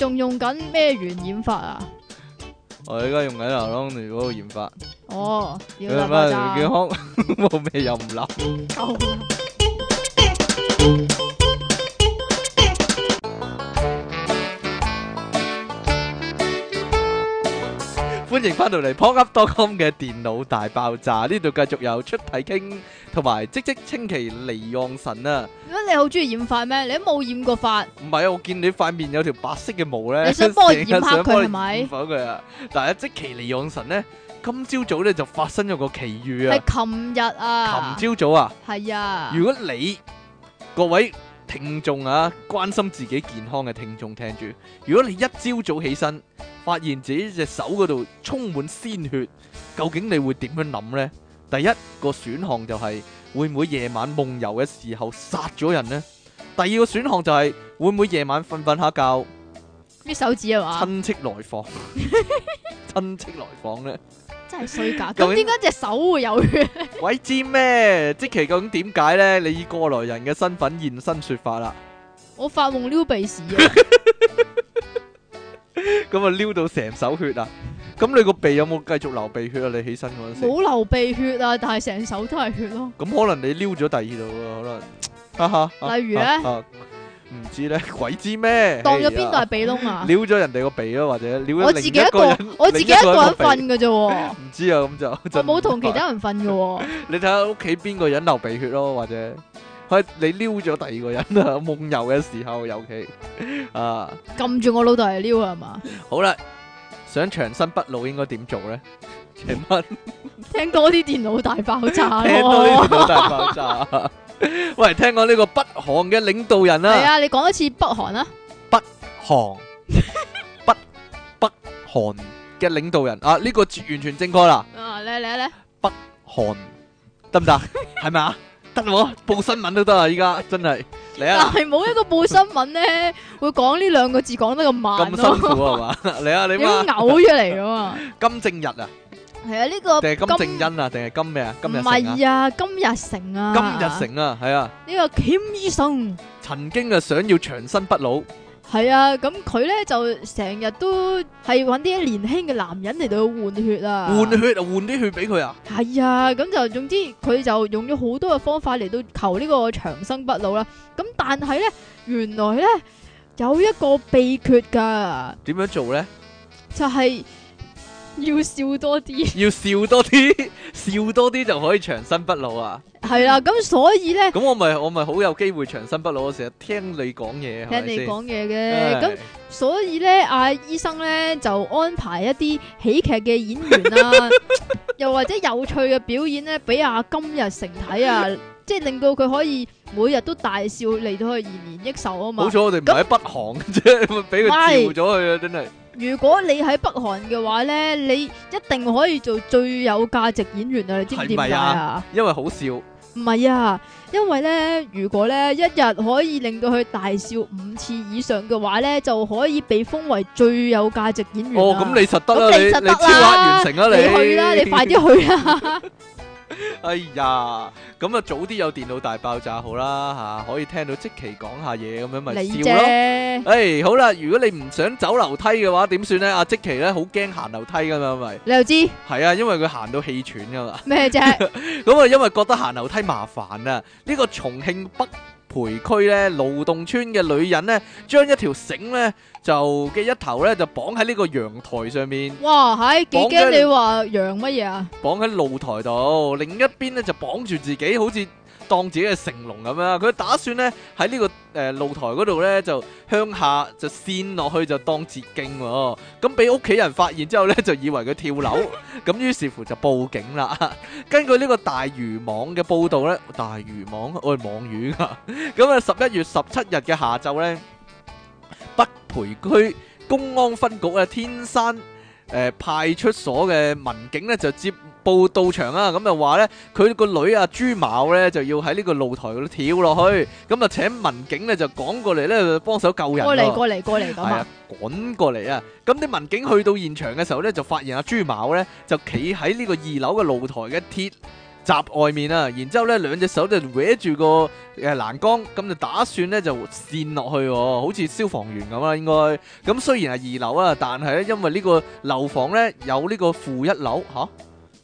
仲用緊咩原染髮啊？我而家用緊牛郎尿寶染髮。哦，要翻健康冇咩飲啦。歡迎翻到嚟，com Pork p u 嘅電腦大爆炸呢度繼續有出體 king，同埋積積淇離岸神啊！如果你好中意染髮咩？你都冇染過髮？唔係啊，我見你塊面有條白色嘅毛咧。你想幫我染黑佢係咪？染粉佢啊！嗱，積淇離岸神咧，今朝早咧就發生咗個奇遇啊！係琴日啊？琴朝早啊？係啊！如果你各位，聽眾啊，關心自己健康嘅聽眾聽住，如果你一朝早起身，發現自己隻手嗰度充滿鮮血，究竟你會點樣諗呢？第一個選項就係會唔會夜晚夢遊嘅時候殺咗人呢？第二個選項就係會唔會夜晚瞓瞓下覺，搣手指係嘛？親戚來訪，親戚來訪呢？真係衰㗎，咁點解隻手會有血？鬼知咩？即奇究竟點解咧？你以過來人嘅身份現身說法啦！我發夢撩鼻屎啊，咁啊撩到成手血啊！咁你個鼻有冇繼續流鼻血啊？你起身嗰陣時冇流鼻血啊，但係成手都係血咯。咁可能你撩咗第二度咯，可能。哈哈。例如咧。唔知咧，鬼知咩？當咗邊度係鼻窿啊？撩咗人哋個鼻咯，或者撩自己一個我自己一個人瞓嘅啫。唔知啊，咁就就冇同其他人瞓嘅。你睇下屋企邊個人流鼻血咯，或者，佢你撩咗第二個人啊？夢遊嘅時候尤其啊。撳住我老豆嚟撩佢係嘛？好啦，想長生不老應該點做咧？請問，聽多啲電腦大爆炸，聽多啲電腦大爆炸。喂，聽講呢個北韓嘅領導人啦，係啊，你講一次北韓啦，北韓，北北韓嘅領導人啊，呢個字完全正確啦，啊，嚟嚟嚟，北韓得唔得？係咪啊？得喎，報新聞都得啊，依家真係你啊！但係冇一個報新聞咧， 會講呢兩個字講得咁慢咁辛苦、啊、咯，係嘛、啊？你 啊，你嘛、啊？要嘔出嚟噶嘛？金正日啊！係啊，呢個金正恩啊，定係金咩啊？金日成啊？唔係啊，金日成啊，金日成啊，係啊。呢個金醫生曾經啊，想要長生不老。係啊，咁佢咧就成日都係揾啲年輕嘅男人嚟到換血啊。換血啊，換啲血俾佢啊。係啊，咁就總之佢就用咗好多嘅方法嚟到求呢個長生不老啦。咁但係咧，原來咧有一個秘訣噶。點樣做咧？就係。要笑多啲，要笑多啲，笑多啲就可以長生不老啊！係啦，咁所以咧，咁我咪我咪好有機會長生不老。我成日聽你講嘢，聽你講嘢嘅。咁的的所以咧，阿、啊、醫生咧就安排一啲喜劇嘅演員啊， 又或者有趣嘅表演咧，俾阿今日成金日成睇啊， 即係令到佢可以每日都大笑嚟到去延年益壽啊嘛！好彩我哋唔係喺北韓，即係俾佢照咗佢啊！真係。如果你喺北韓嘅話呢，你一定可以做最有價值演員啊！你知唔知點解啊？因為好笑。唔係啊，因為呢，如果呢一日可以令到佢大笑五次以上嘅話呢，就可以被封為最有價值演員。哦，咁你實得啦，你你,你超額完成啦，你,你去啦，你快啲去啦！ 哎呀，咁啊早啲有電腦大爆炸好啦吓、啊，可以聽到積淇講下嘢咁樣咪笑咯。呢哎，好啦，如果你唔想走樓梯嘅話，點算呢？阿積淇呢好驚行樓梯噶嘛，咪？你又知？係啊，因為佢行到氣喘噶嘛。咩啫？咁啊，因為覺得行樓梯麻煩啊，呢、這個重慶北。培區咧，勞動村嘅女人咧，將一條繩咧，就嘅一頭咧，就綁喺呢個陽台上面。哇，係幾驚，綁咗你話養乜嘢啊？綁喺露台度，另一邊咧就綁住自己，好似。當自己係成龍咁樣，佢打算呢喺呢個誒、呃、露台嗰度呢，就向下就跣落去就當捷徑咁，俾屋企人發現之後呢，就以為佢跳樓咁，於是乎就報警啦。根據呢個大漁網嘅報道呢，大漁網我係、哎、網魚啊！咁啊，十一月十七日嘅下晝呢，北培區公安分局啊，天山。誒、呃，派出所嘅民警咧就接報到場啦，咁就話咧佢個女阿朱某咧就要喺呢個露台度跳落去，咁、嗯、啊請民警咧就趕過嚟咧幫手救人，過嚟過嚟過嚟咁啊，滾過嚟啊！咁啲、嗯嗯、民警去到現場嘅時候咧，就發現阿朱某咧就企喺呢個二樓嘅露台嘅鐵。搭外面啊，然之後咧兩隻手就歪住個誒欄、呃、杆，咁就打算咧就墊落去，好似消防員咁啦應該。咁雖然係二樓啊，但係咧因為個樓呢、呢個樓房咧有呢個負一樓嚇。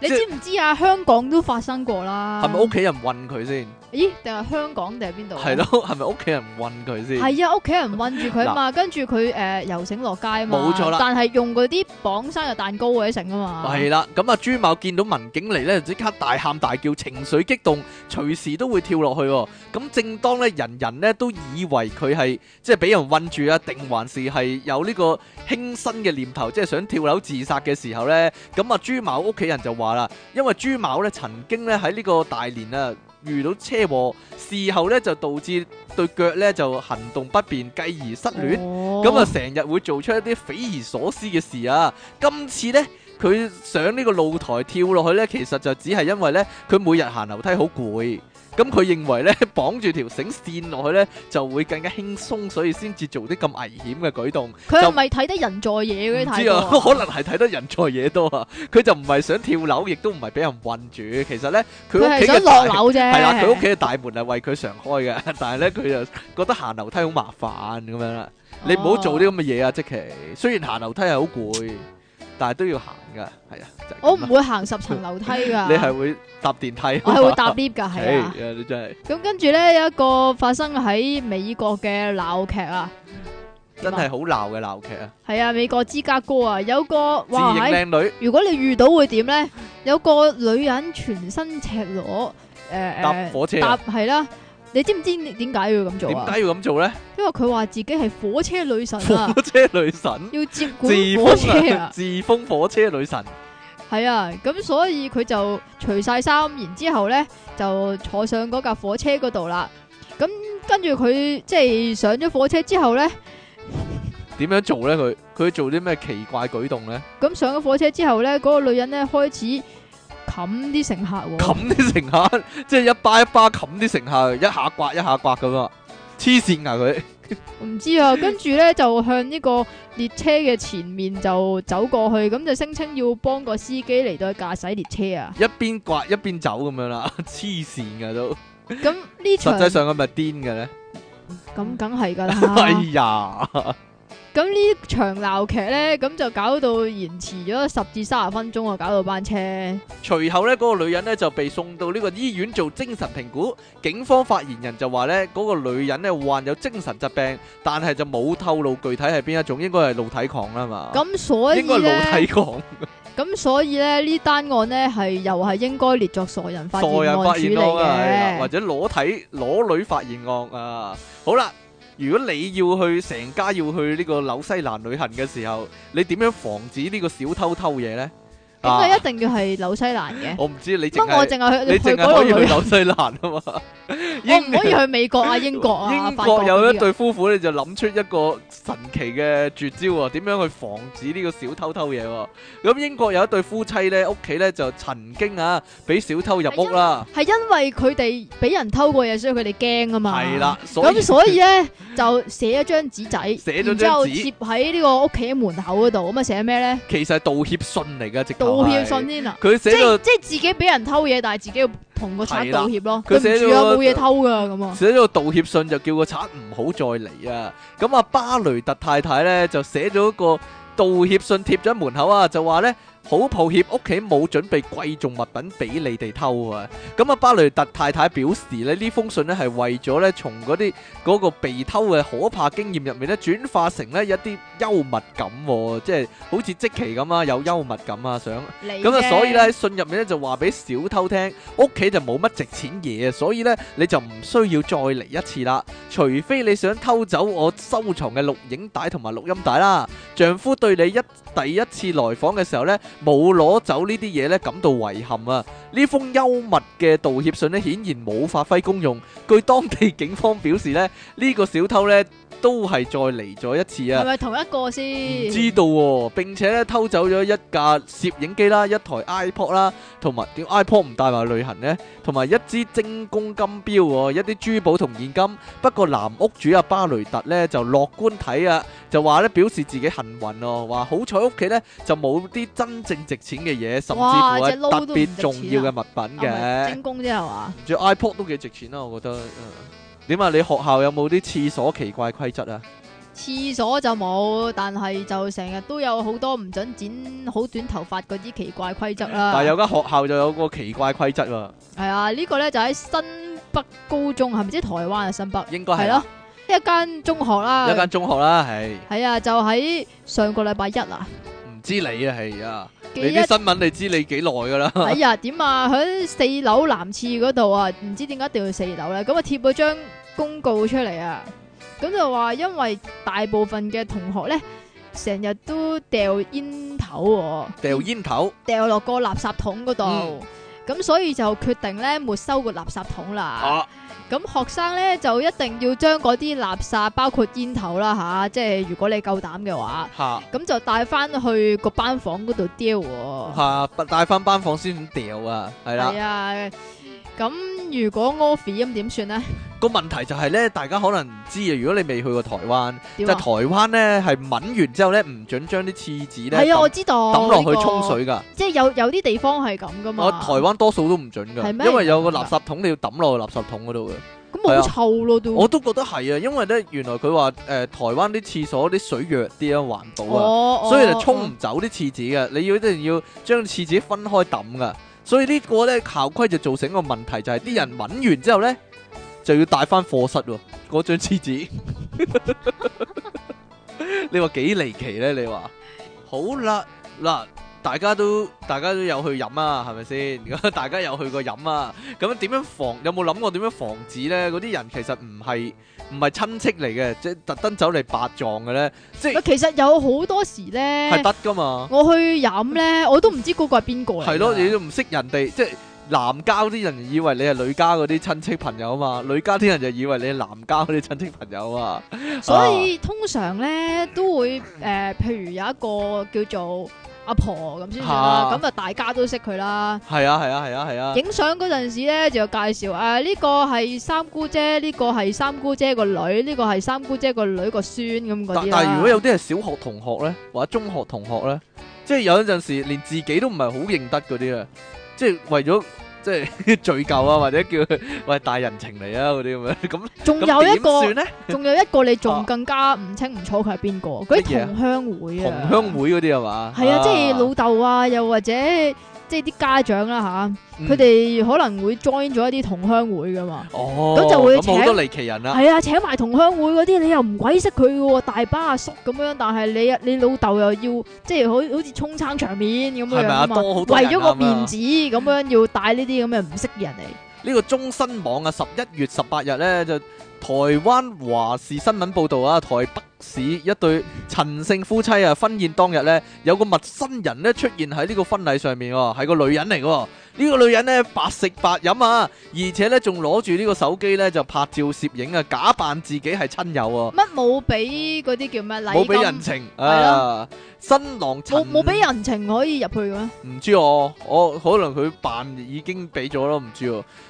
你知唔知啊？香港都發生過啦。係咪屋企人暈佢先？咦？定係香港定係邊度？係咯，係咪屋企人困佢先？係 啊，屋企人困住佢啊嘛， 跟住佢誒遊繩落街啊嘛。冇錯啦。但係用嗰啲綁生日蛋糕或者繩啊嘛。係 啦，咁啊朱某見到民警嚟咧，即刻大喊大叫，情緒激動，隨時都會跳落去喎，哦。咁正當咧，人人咧都以為佢係即係俾人困住啊，定還是係有呢個輕生嘅念頭，即係想跳樓自殺嘅時候咧。咁啊朱某屋企人就話啦，因為朱某咧曾經咧喺呢個大連啊。遇到車禍，事後咧，就導致對腳咧就行動不便，繼而失戀，咁啊成日會做出一啲匪夷所思嘅事啊！今次咧，佢上呢個露台跳落去咧，其實就只係因為咧，佢每日行樓梯好攰。咁佢認為咧，綁住條繩線落去咧，就會更加輕鬆，所以先至做啲咁危險嘅舉動。佢係咪睇得人在野嘅睇啊？可能係睇得人在野多啊！佢就唔係想跳樓，亦都唔係俾人困住。其實咧，佢係想落樓啫。係啊，佢屋企嘅大門係為佢常開嘅，但係咧佢就覺得行樓梯好麻煩咁樣啦。 你唔好做啲咁嘅嘢啊！即其，雖然行樓梯係好攰。但係都要行噶係啊！就是、我唔會行十層樓梯噶。 你係會搭電梯？我係會搭 lift 噶，係 啊！你真係。咁跟住呢，有一個發生喺美國嘅鬧劇啊，真係好鬧嘅鬧劇啊！係啊，美國芝加哥啊，有個哇自認靚女，如果你遇到會點呢？有個女人全身赤裸，誒、呃，搭火車、啊，搭係啦。你知唔知點解要咁做啊？點解要咁做咧？因為佢話自己係火車女神、啊、火車女神要接管火車、啊、 自封火車女神。係啊，咁所以佢就除晒衫，然之後咧就坐上嗰架火車嗰度啦。咁跟住佢即係上咗火車之後咧，點樣做咧？佢佢做啲咩奇怪舉動咧？咁上咗火車之後咧，嗰、嗰個女人咧開始。冚啲乘客喎，冚啲乘客，即係一巴一巴冚啲乘客，一下刮一下刮咁啊！黐線啊佢！我唔知啊，跟住咧就向呢個列車嘅前面就走過去，咁就聲稱要幫個司機嚟到駕駛列車啊！一邊刮一邊走咁樣啦，黐線噶都。咁呢場實際上係咪癲嘅咧？咁梗係噶啦！哎呀～咁呢場鬧劇咧，咁就搞到延遲咗十至三十分鐘啊，搞到班車。隨後咧，嗰個女人咧就被送到呢個醫院做精神評估。警方發言人就話咧，嗰個女人咧患有精神疾病，但係就冇透露具體係邊一種，應該係露體狂啊嘛。咁所以咧，應該係露體狂。咁所以咧，呢單案咧係又係應該列作傻人發現案處理嘅，或者裸體裸女發現案啊。好啦。如果你要去成家要去呢個紐西蘭旅行嘅時候，你點樣防止呢個小偷偷嘢咧？咁佢一定要係紐西蘭嘅？啊，我唔知，你乜我淨係去，你淨可以去紐 西蘭啊嘛？我唔可以去美國啊、英國啊、法國。有一對夫婦咧就諗出一個神奇嘅絕招啊，點樣去防止呢個小偷偷嘢？咁英國有一對夫妻咧，哦，屋企咧就曾經啊俾小偷入屋啦。係因為佢哋俾人偷過嘢，所以佢哋驚啊嘛。係啦，咁所以咧就寫一張紙仔，寫咗張紙，之後貼喺呢個屋企門口嗰度，咁啊寫咩咧？其實係道歉信嚟噶，直。道歉信先啊！佢寫咗即係自己俾人偷嘢，但係自己要同個賊道歉咯。佢寫咗冇嘢偷噶咁啊！寫咗個道歉信就叫個賊唔好再嚟啊！咁啊巴雷特太太咧就寫咗個道歉信貼咗喺門口啊，就話咧。好抱歉，屋企冇準備貴重物品俾你哋偷啊！咁啊，巴雷特太太表示咧，呢封信咧係為咗咧從嗰啲嗰個被偷嘅可怕經驗入面咧轉化成咧一啲幽默感，即係好似積淇咁啊，有幽默感啊，想咁啊，所以咧喺信入面咧就話俾小偷聽，屋企就冇乜值錢嘢，所以咧你就唔需要再嚟一次啦，除非你想偷走我收藏嘅錄影帶同埋錄音帶啦。丈夫對你一第一次來訪嘅時候咧。冇攞走呢啲嘢呢，感到遺憾啊！呢封幽默嘅道歉信呢，顯然冇發揮功用。據當地警方表示呢，呢個小偷呢。都係再嚟咗一次啊！係咪同一個先？唔知道喎。並且咧偷走咗一架攝影機啦，一台 iPod 啦，同埋點 iPod 唔帶埋去旅行咧，同埋一支精工金錶喎，一啲珠寶同現金。不過男屋主阿巴雷特咧就樂觀睇啊，就話咧表示自己幸運哦，話好彩屋企咧就冇啲真正值錢嘅嘢，甚至乎係特別重要嘅物品嘅。精工啫係嘛？隻 iPod 都幾值錢啦，我覺得。點啊？你學校有冇啲廁所奇怪規則啊？廁所就冇，但係就成日都有好多唔准剪好短頭髮嗰啲奇怪規則啦。但係有間學校就有個奇怪規則喎。係啊，呢個呢就喺新北高中，係咪即係台灣啊？新北應該係咯，一間中學啦。一間中學啦，係。係啊，就喺上個禮拜一啦。知你啊，係啊，你啲新聞你知你幾耐噶啦？哎呀，點啊？喺四樓南廁嗰度啊，唔知點解掉去四樓咧？咁啊貼咗張公告出嚟啊，咁就話因為大部分嘅同學咧，成日都掉煙頭喎，掉煙頭，掉落個垃圾桶嗰度，咁所以就決定咧沒收個垃圾桶啦。咁學生咧就一定要將啲垃圾，包括煙頭啦吓，即係如果你夠膽嘅話吓，咁哈就帶翻去個班房嗰度丟喔。吓，帶翻班房先咁丟啊，係啦。係啊，咁。如果屙肥咁點算呢？個問題就係咧，大家可能唔知啊。如果你未去過台灣，就台灣咧係敏完之後咧，唔准將啲廁紙咧，係啊，我知道，抌落去沖水噶。即係有有啲地方係咁噶嘛。台灣多數都唔准噶，因為有個垃圾桶，你要抌落垃圾桶嗰度嘅。咁好臭咯都。我都覺得係啊，因為咧原來佢話誒台灣啲廁所啲水弱啲啊，環保啊，所以就沖唔走啲廁紙嘅。你要一定要將廁紙分開抌噶。所以個呢個咧校規就造成一個問題，就係、是、啲人揾完之後咧就要帶翻課室喎，嗰張廁紙， 你話幾離奇咧？你話好啦嗱。啦大家都大家都有去飲啊，係咪先？咁大家有去過飲啊？咁點樣防？有冇諗過點樣防止咧？嗰啲人其實唔係唔係親戚嚟嘅，即係特登走嚟白撞嘅咧。即係其實有好多時咧係得噶嘛，我去飲咧，我都唔知嗰個係邊個嚟。係咯，你都唔識人哋，即係男家啲人以為你係女家嗰啲親戚朋友啊嘛，女家啲人就以為你係男家嗰啲親戚朋友啊。所以通常咧都會誒，譬如有一個叫做。阿婆咁先啦，咁啊大家都識佢啦。係啊係啊係啊係啊！影相嗰陣時咧，就介紹誒呢個係三姑姐，呢個係三姑姐個女，呢個係三姑姐個女個孫咁嗰啲啊。但但如果有啲係小學同學咧，或者中學同學咧，即係有陣時連自己都唔係好認得嗰啲啊，即係為咗。即係罪疚啊，或者叫佢喂大人情嚟啊，嗰啲咁樣咁。仲還有， 有一個，仲有一個，你仲更加唔清唔楚佢係邊個？佢、啊、同鄉會啊，同鄉會嗰啲係嘛？係啊，即係老豆啊，又或者。即係啲家長啦、啊、嚇，佢哋可能會 join 咗一啲同鄉會噶嘛，咁、哦、就會請，咁好多離奇人啦，係啊，請埋同鄉會嗰啲，你又唔鬼識佢喎、啊，大巴阿叔咁樣，但係你你老豆又要即係好好似充撐場面咁樣啊為咗個面子咁樣、啊、要帶呢啲咁嘅唔識人嚟。呢個中新網啊，十一月十八日咧就台灣華視新聞報導啊，台北。係一對陳姓夫妻啊，婚宴當日咧，有個陌生人咧出現喺呢個婚禮上面，係個女人嚟嘅。呢個女人咧，白食白飲啊，而且咧仲攞住呢個手機咧就拍照攝影啊，假扮自己係親友。乜冇俾嗰啲叫乜禮金？冇俾人情啊！新郎陳冇冇俾人情可以入去嘅咩？唔知，我我可能佢扮已經俾咗咯，唔知。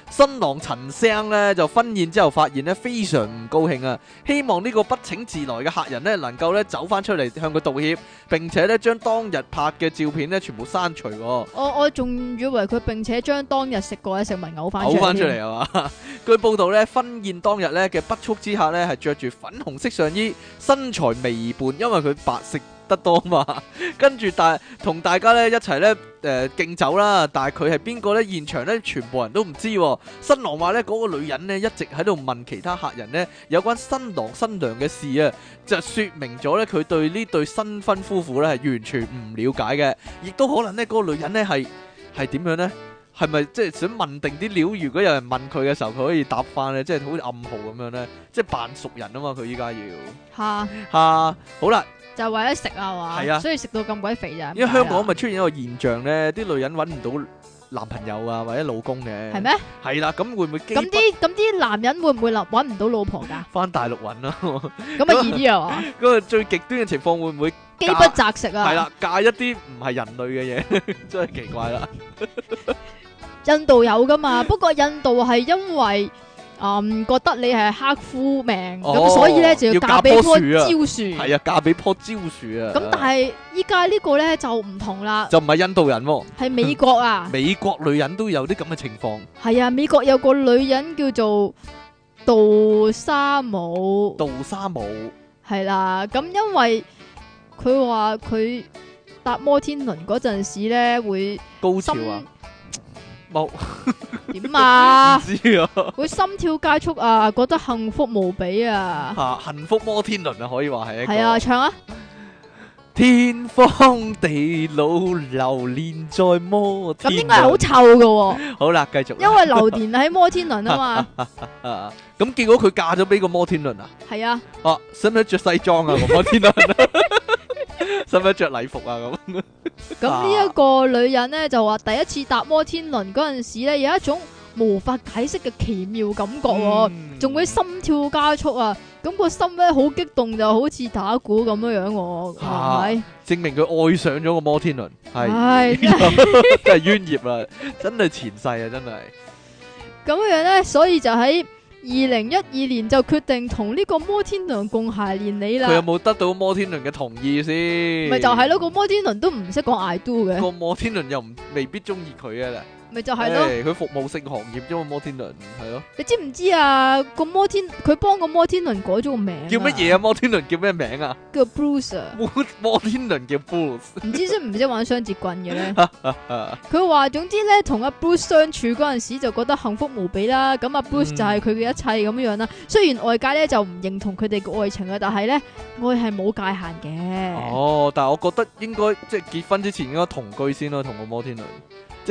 新郎陳生咧就婚宴之後發現咧非常唔高興啊，希望呢個不請自來嘅客。人咧能夠咧走翻出嚟向佢道歉，並且咧將當日拍嘅照片咧全部刪除。我我仲以為佢並且將當日食過嘅食物嘔翻嘔翻出嚟啊嘛！ 據報道咧，婚宴當日咧嘅不速之客咧係着住粉紅色上衣，身材微胖，因為佢白色。得多嘛？跟住但同大家咧一齊咧，誒敬酒啦。但係佢係邊個咧？現場咧，全部人都唔知。新郎話咧，嗰個女人咧一直喺度問其他客人咧有關新郎新娘嘅事啊，就說明咗咧佢對呢對新婚夫婦咧係完全唔了解嘅，亦都可能咧嗰個女人咧係係點樣咧？係咪即係想問定啲料？如果有人問佢嘅時候，佢可以答翻咧，即係好似暗號咁樣咧，即係扮熟人啊嘛？佢依家要吓吓，好啦。就為咗食啊，係嘛，係啊，所以食到咁鬼肥啊。因為香港咪出現一個現象咧，啲女人揾唔到男朋友啊，或者老公嘅。係咩？係啦，咁會唔會？咁啲咁啲男人會唔會揦揾唔到老婆噶？翻大陸揾囉，咁啊易啲啊嘛。咁啊最極端嘅情況會唔會飢不擇食啊？係啦，嫁一啲唔係人類嘅嘢，真係奇怪啦。印度有噶嘛？不過印度係因為。啊、嗯，覺得你係剋夫命，咁、哦、所以咧就要嫁俾棵蕉樹。係啊，嫁俾棵蕉樹啊。咁但係依家呢個咧就唔同啦，就唔係印度人喎、哦，係美國啊。美國女人都有啲咁嘅情況。係啊，美國有個女人叫做杜沙姆。杜沙姆係啦，咁、啊、因為佢話佢搭摩天輪嗰陣時咧會高潮啊。冇點啊？唔知啊！會心跳加速啊，覺得幸福無比啊！吓，幸福摩天輪啊，可以話係一個。係啊，唱啊！天荒地老流連在摩天輪，咁應該好臭噶？好啦，繼續。因為流連喺摩天輪啊嘛。咁結果佢嫁咗俾個摩天輪啊？係啊。哦，使唔使着西裝啊？摩天輪？使唔使着禮服啊？咁咁呢一個女人咧，就話第一次搭摩天輪嗰陣時咧有一種無法解釋嘅奇妙感覺喎，仲會心跳加速啊！咁個心咧，好激動，就好似打鼓咁樣樣喎，係咪？證明佢愛上咗個摩天輪，係係真係冤孽呀！真係前世啊，真係咁樣樣咧，所以就喺。二零一二年就決定同呢個摩天輪共諧連理啦。佢有冇得到摩天輪嘅同意先？咪、嗯、 就係咯，個摩天輪都唔識講 I do 嘅。個摩天輪又唔未必中意佢嘅啦。咪就係咯，佢、欸、服務性行業啫嘛，因為摩天輪係咯。你知唔知啊？摩個摩天佢幫個摩天輪改咗個名、啊，叫乜嘢啊？摩天輪叫咩名啊？叫 Bruce 摩、啊、 摩天輪叫 Bruce。唔知識唔識玩雙截棍嘅咧？佢話總之咧，同阿 Bruce 相處嗰陣時就覺得幸福無比啦。咁阿 Bruce 就係佢嘅一切咁樣啦。嗯、雖然外界咧就唔認同佢哋嘅愛情啊，但係咧愛係冇界限嘅。哦，但係我覺得應該即係結婚之前應該同居先咯，同個摩天輪。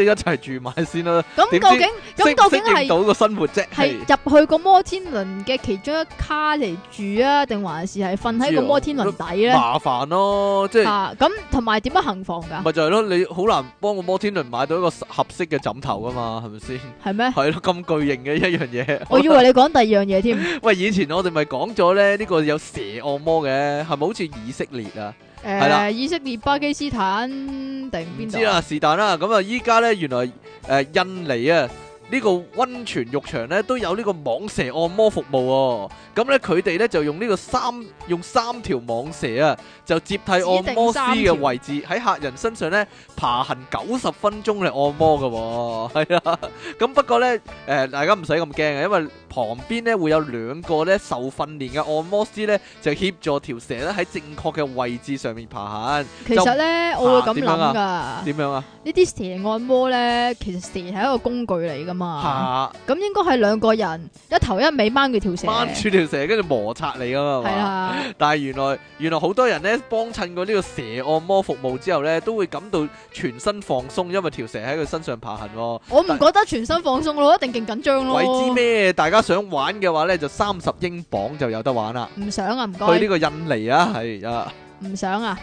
一齊住埋先啦、啊。咁究竟咁究竟係適應到個生活啫？係入去個摩天輪嘅其中一卡嚟住啊，定還是係瞓喺個摩天輪底咧？麻煩咯、啊，即係。咁同埋點樣行房噶？咪就係咯，你好難幫個摩天輪買到一個合適嘅枕頭噶嘛，係咪先？係咩？係咯，咁巨型嘅一樣嘢。我以為你講第二樣嘢添。喂，以前我哋咪講咗咧，呢、這個有蛇按摩嘅，係咪好似以色列啊？誒，呃、係啦以色列、巴基斯坦定邊？唔知啦，是但啦。咁啊，依家咧，原來誒、呃，印尼啊。呢個溫泉浴場咧都有呢個蟒蛇按摩服務喎。哦，咁咧佢哋咧就用呢個三用三條蟒蛇啊，就接替按摩師嘅位置喺客人身上咧爬行九十分鐘嚟，按摩嘅喎。哦，係啊。咁不過咧誒、呃、大家唔使咁驚嘅，因為旁邊咧會有兩個咧受訓練嘅按摩師咧就協助條蛇咧喺正確嘅位置上面爬行。其實咧就我會咁諗㗎，點樣啊？呢啲蛇按摩咧其實蛇係一個工具嚟㗎。嘛，咁應該係兩個人一頭一尾掹住條蛇，掹住條蛇跟住摩擦你噶嘛。係啊，但係原來原來好多人咧幫襯過呢個蛇按摩服務之後咧，都會感到全身放鬆，因為條蛇喺佢身上爬行。我唔覺得全身放鬆咯，一定勁緊張咯。鬼知咩？大家想玩嘅話咧，就三十英鎊就有得玩啦。唔想啊，唔該。去呢個印尼啊，係啊。唔想啊。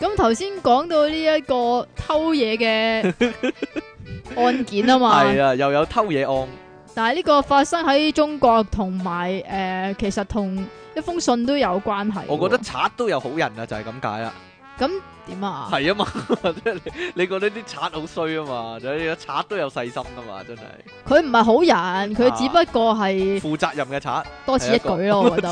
咁頭先講到呢一個偷嘢嘅案件啊嘛，係啊，又有偷嘢案。但係呢個發生喺中國，同埋誒，其實同一封信都有關係。我覺得賊都有好人啊，就係咁解啦。咁。點啊？係啊嘛，即係你你覺得啲賊好衰啊嘛，就係賊都有細心噶嘛，真係。佢唔係好人，佢只不過係負、啊、責任嘅賊，多此一舉咯，我就。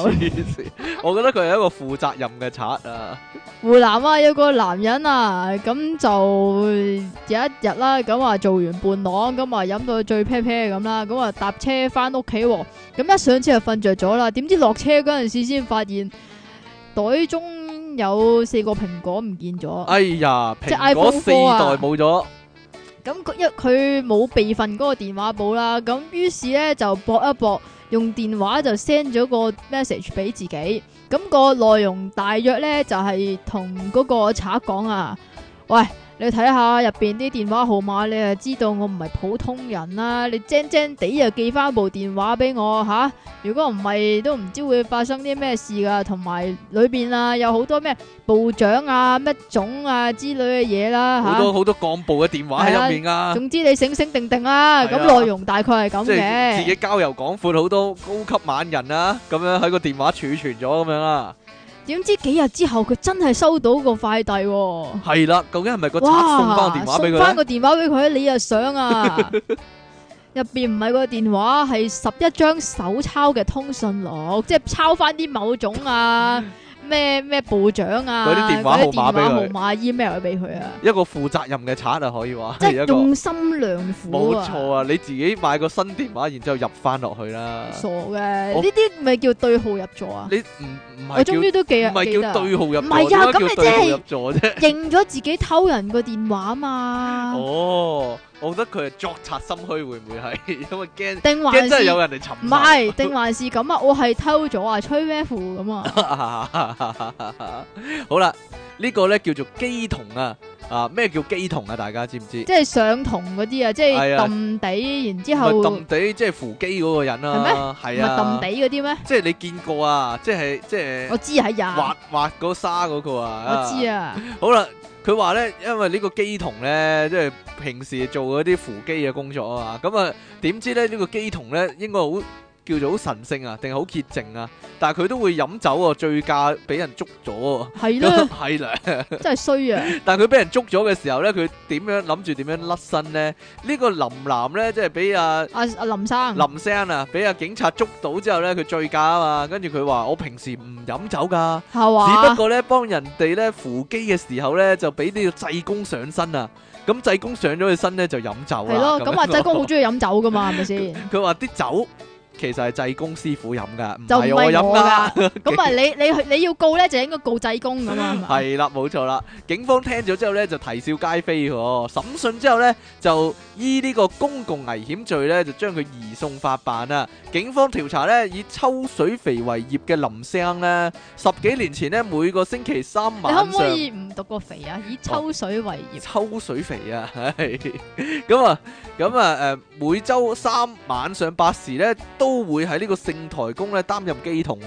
我覺得佢係 一個負責任嘅賊啊。湖南啊，有個男人啊，咁就有一日啦、啊，咁啊做完伴郎，咁啊飲到醉啤啤咁啦，咁啊搭車翻屋企，咁一上車就車就瞓着咗啦，點知落車嗰陣時先發現袋中。有四個蘋果唔見咗，哎呀，即係 iPhone、啊、四代冇咗。咁佢一佢冇備份嗰個電話簿啦。咁於是咧就搏一搏，用電話就 send 咗個 message 俾自己。咁、個內容大約咧就係同嗰個賊講啊，喂。你睇下入邊啲電話號碼，你就知道我唔係普通人啦。你精精地又寄翻部電話俾我吓，啊，如果唔係都唔知會發生啲咩事噶。同埋裏邊啊有好多咩部長啊乜總啊之類嘅嘢啦，好多好多幹部嘅電話喺入面啊，啊。總之你醒醒定定啊。咁內、啊、容大概係咁嘅。即係自己交遊廣闊，好多高級猛人啊，咁樣喺個電話儲存咗咁樣啊。點知幾日之後佢真係收到個快遞，啊。係啦，究竟係咪個賊哇送翻個電話俾佢？送翻個電話俾佢，你又想啊？入邊唔係個電話，係十一張手抄嘅通訊錄，即係抄翻啲某種啊。嗯咩咩部長啊？嗰啲電話號碼、碼、email 俾佢啊！一個負責任嘅賊啊，可以話，即係用心良苦啊！冇錯啊！你自己買個新電話，然之後入翻落去啦。傻嘅，呢啲咪叫對號入座啊？你唔我終於都記得？唔係叫對號入座。唔係啊？咁你即係認咗自己偷人個電話啊嘛？哦。我覺得佢係作賊心虛，會唔會係？因為驚驚真係有人嚟尋，唔係，定還是咁是啊？我係偷咗啊！吹咩褲咁啊？好啦，呢個咧叫做乩童啊！啊，咩叫乩童啊？大家知唔知？即係上童嗰啲啊，即係氹地，啊、然之後氹地即係、就是、扶乩嗰個人啊？係咩嗎？係啊，氹地嗰啲咩？即係你見過啊？即係即係，我知喺呀，滑滑嗰沙嗰個啊，我知啊， 好啦。佢話咧，因為個呢個機童咧，即係平時做嗰啲扶機嘅工作啊嘛，咁啊點知咧呢、呢個機童咧應該好。叫做好神聖啊，定係好潔淨啊？但係佢都會飲酒喎，醉駕俾人捉咗喎。係咯，係啦，真係衰啊！但係佢俾人捉咗嘅時候咧，佢點樣諗住點樣甩身咧？呢個林南咧，即係俾阿阿阿林生林生啊，俾阿警察捉到之後咧，佢醉駕啊嘛。跟住佢話：我平時唔飲酒噶，只不過咧幫人哋咧扶機嘅時候咧，就俾啲濟公上身啊。咁濟公上咗佢身咧，就飲酒。係咯，咁話濟公好中意飲酒噶嘛？係咪先？佢話啲酒。其實係濟公師傅飲噶，就唔係我飲噶啦。咁啊，你你你要告咧，就應該告濟公咁啊。係啦，冇錯啦。警方聽咗之後咧，就啼笑皆非。哦，審訊之後咧，就依呢個公共危險罪咧，就將佢移送法辦啦。警方調查咧，以抽水肥為業嘅林生咧，十幾年前咧，每個星期三晚上，你可唔可以唔讀個肥啊？以抽水為業，抽水肥啊，咁啊，咁啊，誒，每週三晚上八時咧都。都會喺呢個聖台公咧擔任基童，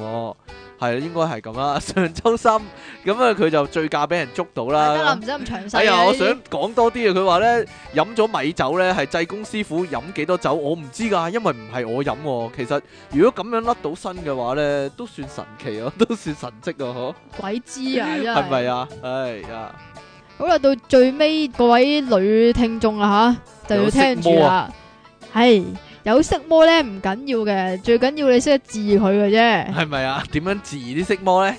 係應該係咁啦。上周三咁啊，佢就醉駕俾人捉到啦。唔使咁詳細，哎呀，我想講多啲啊！佢話咧飲咗米酒咧，係濟公師傅飲幾多酒，我唔知噶，因為唔係我飲。其實如果咁樣甩到身嘅話咧，都算神奇哦，都算神蹟哦，嗬？鬼知啊，真係係咪啊？哎呀，好啦，到最尾各位女聽眾啊，吓就要聽住啦，係。有色魔咧，唔緊要嘅，最緊要你識得治佢嘅啫。係咪啊？點樣治啲色魔咧？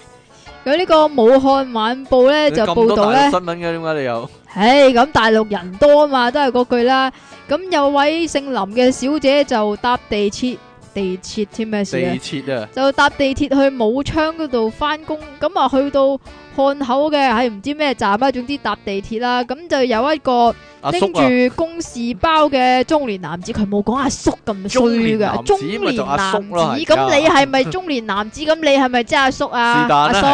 有呢個《武漢晚報》咧就報道咧。咁多大陸新聞嘅，點解你有？唉，咁大陸人多啊嘛，都係嗰句啦。咁有位姓林嘅小姐就搭地鐵。地鐵添咩事地切啊？就搭地鐵去武昌嗰度翻工，咁、嗯、啊去到漢口嘅係唔知咩站啦，總之搭地鐵啦。咁、嗯、就有一個拎住公事包嘅中年男子，佢冇講阿叔咁衰噶，中年男子。咁你係咪中年男子？咁你係咪即係阿叔啊？阿、啊、叔，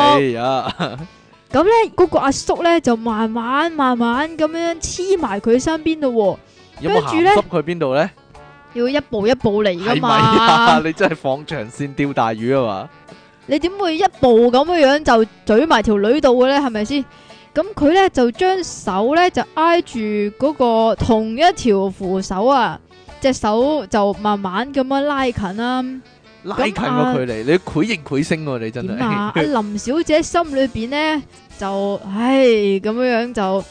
咁咧嗰個阿叔咧就慢慢慢慢咁樣黐埋佢身邊啦喎。跟住咧，佢邊度咧？ 要一步一步嚟噶嘛？ 你真係放長線釣大魚啊嘛！ 你點會一步咁樣樣就咀埋條女度嘅咧？係咪先？咁佢咧就將手咧就挨住嗰個同一條扶手啊，隻手就慢慢咁樣拉近啦、啊，拉近個距離。你攰型攰星，你真係。阿林小姐心裏邊咧就唉咁樣樣就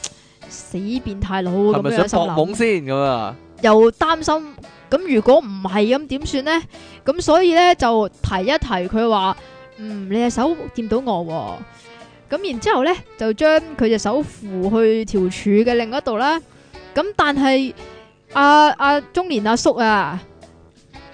死變態佬，係咪想搏懵先咁啊？又擔擔心。 咁如果唔係咁點算咧？咁所以咧就提一提佢話，嗯，你隻手掂到我喎。咁然之後咧就將佢隻手扶去條柱嘅另一度啦。咁但係阿阿中年阿叔啊，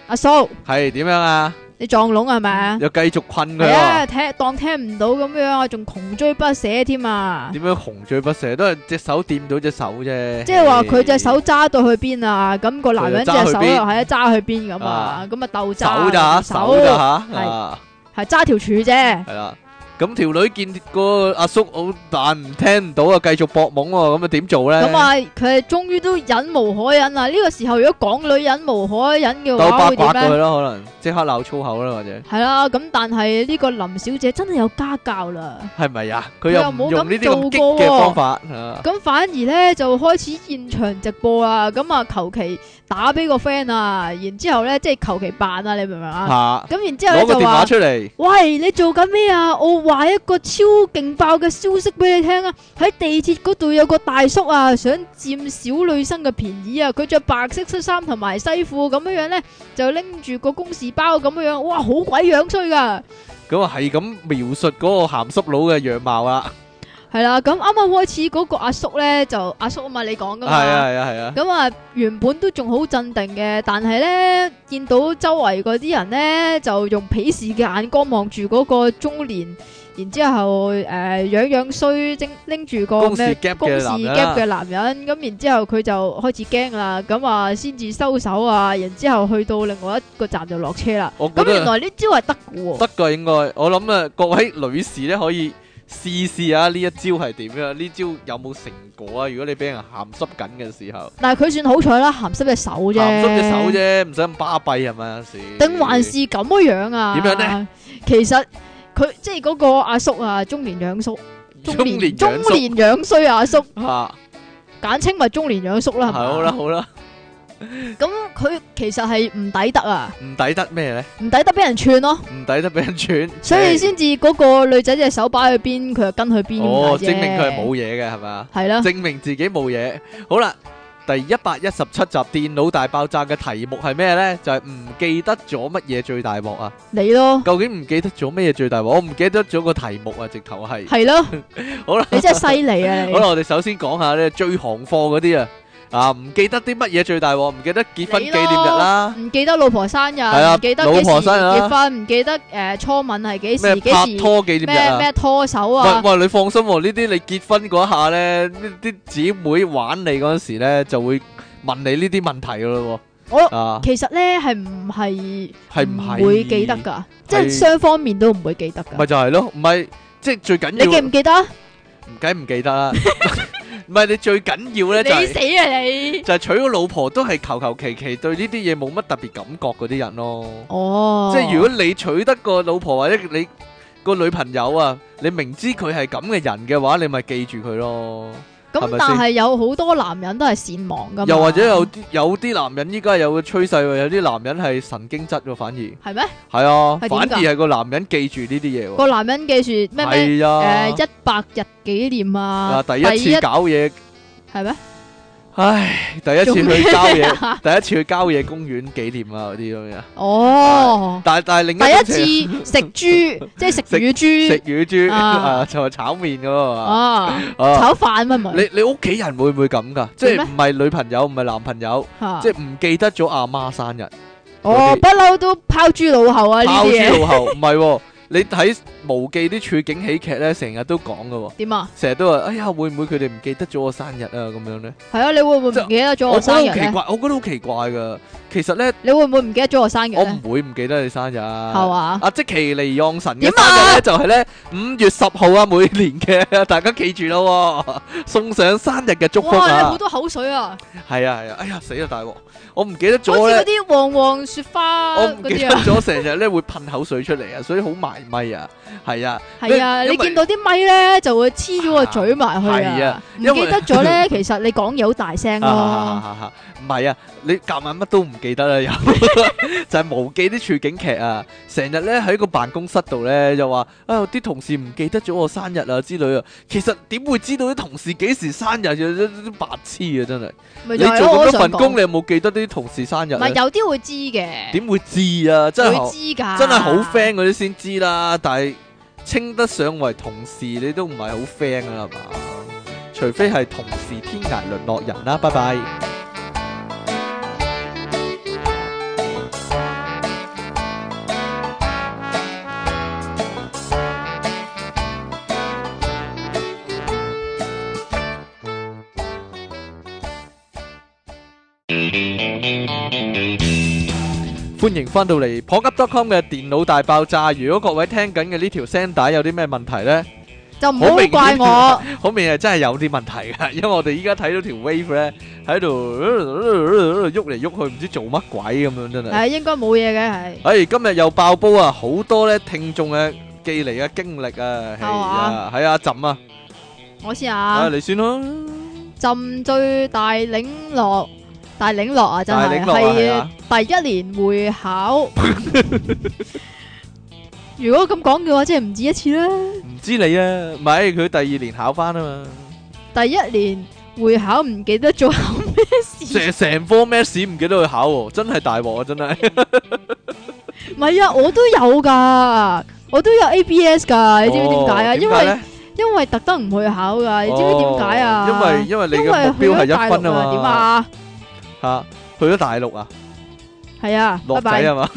阿叔係點樣啊？你撞聾係咪啊？又繼續困嘅？係啊，聽當聽唔到咁樣，我仲窮追不捨添啊！點樣窮追不捨？都係隻手掂到隻手啫。即係話佢隻手揸到去邊啊？咁個男人隻手又係一揸去邊咁啊？咁啊斗揸手咋手咋吓？係係揸條柱啫。係啊。咁條女見個阿叔好難聽唔到啊，繼續搏懵喎，咁啊點做咧？咁啊，佢係終於都忍無可忍啦！呢個時候如果港女忍無可忍嘅話，會點咧？鬥八卦佢咯，可能即刻鬧粗口啦，或者係啦。咁但係呢個林小姐真係有家教啦，係咪啊？佢又唔用呢啲咁激嘅方法，咁反而咧就開始現場直播啦。咁啊，求其。打俾個 friend 啊，然之後呢即係求其扮啊，你明唔明啊？咁然之後呢就話出嚟，喂，你做緊咩啊？我話一個超勁爆嘅消息俾你聽啊！喺地鐵嗰度有個大叔啊，想佔小女生嘅便宜啊！佢着白色恤衫同埋西褲咁樣樣呢，就拎住個公事包咁樣樣，哇，好鬼樣衰噶！咁啊，係咁描述嗰個咸濕佬嘅樣貌啊。係啦，咁啱啱開始嗰個阿、啊、叔咧就阿、啊、叔啊嘛，嘛，你講噶嘛，係啊，係啊，係啊。咁、嗯嗯、啊，原本都仲好鎮定嘅，但係咧見到周圍嗰啲人咧就用鄙視嘅眼光望住嗰個中年，然之後誒樣樣衰，拎拎住個咩公事夾嘅男人，咁、啊、然之後佢就開始驚啦，咁、嗯、啊先至收手啊，然之後去到另外一個站就落車啦。咁覺、嗯、原來呢招係得喎，得㗎應該，我諗啊各位女士咧可以。 試試下呢一招係點樣？呢招有冇成果啊？如果你俾人鹹濕緊嘅時候，嗱佢算好彩啦，鹹濕隻手啫，鹹濕隻手啫，唔使咁巴閉係咪？是定還是咁樣啊？點樣咧？其實佢即係嗰個阿叔啊，中年養叔，中年中年養衰啊阿叔，簡稱咪中年養叔啦？係嘛？好啦，好啦。咁佢其實係唔抵得啊，唔抵得咩咧？唔抵得俾人串咯，唔抵得俾人串，所以先至嗰個女仔隻手擺去邊，佢就跟去邊啫。哦，證明佢係冇嘢嘅係咪？係咯，證明自己冇嘢。好啦，第一百一十七集電腦大爆炸嘅題目係咩咧？就係唔記得咗乜嘢最大鑊啊？你咯，究竟唔記得咗乜嘢最大鑊？我唔記得咗個題目啊，直頭係係咯。好啦，你真係犀利啊！好啦，我哋首先講下咧，追行貨嗰啲啊。啊！唔記得啲乜嘢最大鑊？唔記得結婚紀念日啦，唔記得老婆生日，係啊，記得老婆生日，唔記得結婚，唔記得誒初吻係幾時？咩拍拖紀念日啊？咩咩拖手啊？喂喂，你放心喎，呢啲你結婚嗰下咧，呢啲姊妹玩你嗰陣時咧，就會問你呢啲問題噶咯喎。我其實咧係唔係係唔係會記得噶，即係雙方面都唔會記得噶。咪就係咯，唔係即係最緊要。你記唔記得？唔計唔記得啦。唔係你最緊要咧，你死啊你就係娶個老婆都係求求其其對呢啲嘢，冇乜特別感覺嗰啲人咯。哦，oh. 即係如果你娶得個老婆或者你個女朋友啊，你明知佢係咁嘅人嘅話，你咪記住佢咯。咁但係有好多男人都係善忘嘅，又或者有啲有啲男人依家有個趨勢喎，有啲男人係神經質喎，反而係咩？係嗎啊，反而係個男人記住呢啲嘢喎。個男人記住咩咩？誒一百日紀念啊，第一次搞嘢係咩？唉，第一次去郊野，第一次去郊野公園紀念啊嗰啲咁樣。哦，但係但係另一第一次食豬，即係食乳豬，食乳豬啊，就係炒麵噶嘛。炒飯咪嘛？你你屋企人會唔會咁噶？即係唔係女朋友唔係男朋友，即係唔記得咗阿媽生日。哦，不嬲都拋諸腦後啊呢啲嘢。拋諸腦後，唔係。你睇《無記》啲處境喜劇咧，成日都講噶喎。點啊？成日都話，哎呀，會唔會佢哋唔記得咗我生日啊？咁樣咧。係啊，你會唔會唔記得咗我生日咧？我覺得好奇怪，我覺得好奇怪噶。其實咧，你會唔會唔記得咗我生日咧？我唔會唔記得你生日，係嘛？啊，積淇離岸神嘅生日咧，就係咧五月十號啊，每年嘅，大家記住啦，送上生日嘅祝福啦。哇！你好多口水啊，係啊係啊，哎呀死啦，大鑊！我唔記得咗咧。好似嗰啲黃黃雪花嗰啲啊，我唔記得咗成日咧會噴口水出嚟啊，所以好埋咪啊，係啊，係啊，你見到啲咪咧就會黐咗個嘴埋去啊。唔記得咗咧，其實你講嘢好大聲咯，唔係啊，你夾硬乜都唔。 記得啦，又就係無記啲處境劇啊，成日咧喺個辦公室度咧，就話啊，啲同事唔記得咗我生日啊之類啊。其實點會知道啲同事幾時生日？啲白痴啊，真係、啊！真就是、你做咁多份工，你有冇記得啲同事生日、啊？唔係有啲會知嘅。點會知啊？真係會知噶，真係好 friend 嗰啲先知啦、啊。但係稱得上為同事，你都唔係好 friend 噶啦嘛。除非係同事天涯淪落人啦、啊。拜拜。歡迎翻到嚟 procup.com 嘅電腦大爆炸。如果各位聽緊嘅呢條聲帶有啲咩問題咧，就唔好怪我。好明顯係真係有啲問題嘅，因為我哋依家睇到條 wave 咧喺度喐嚟喐去，唔知做乜鬼咁樣真係。係應該冇嘢嘅係。哎，今日又爆煲啊！好多咧聽眾嘅寄嚟嘅經歷啊。係啊，係阿朕啊。我試下。係你先啦。朕最大領落。大領落啊，真係係第一年會考。如果咁講嘅話，即係唔止一次啦。唔知你啊，咪佢第二年考返啊嘛。第一年會考唔記得做考咩？成成科咩試唔記得去考，真係大鑊啊！真係。唔係啊，我都有噶，我都有 ABS 噶，你知唔知點解啊？因為因為特登唔去考噶，你知唔知點解啊？因為因為你嘅目標係一分啊嘛。點啊？吓，去咗大陸啊？係啊，落仔啊嘛？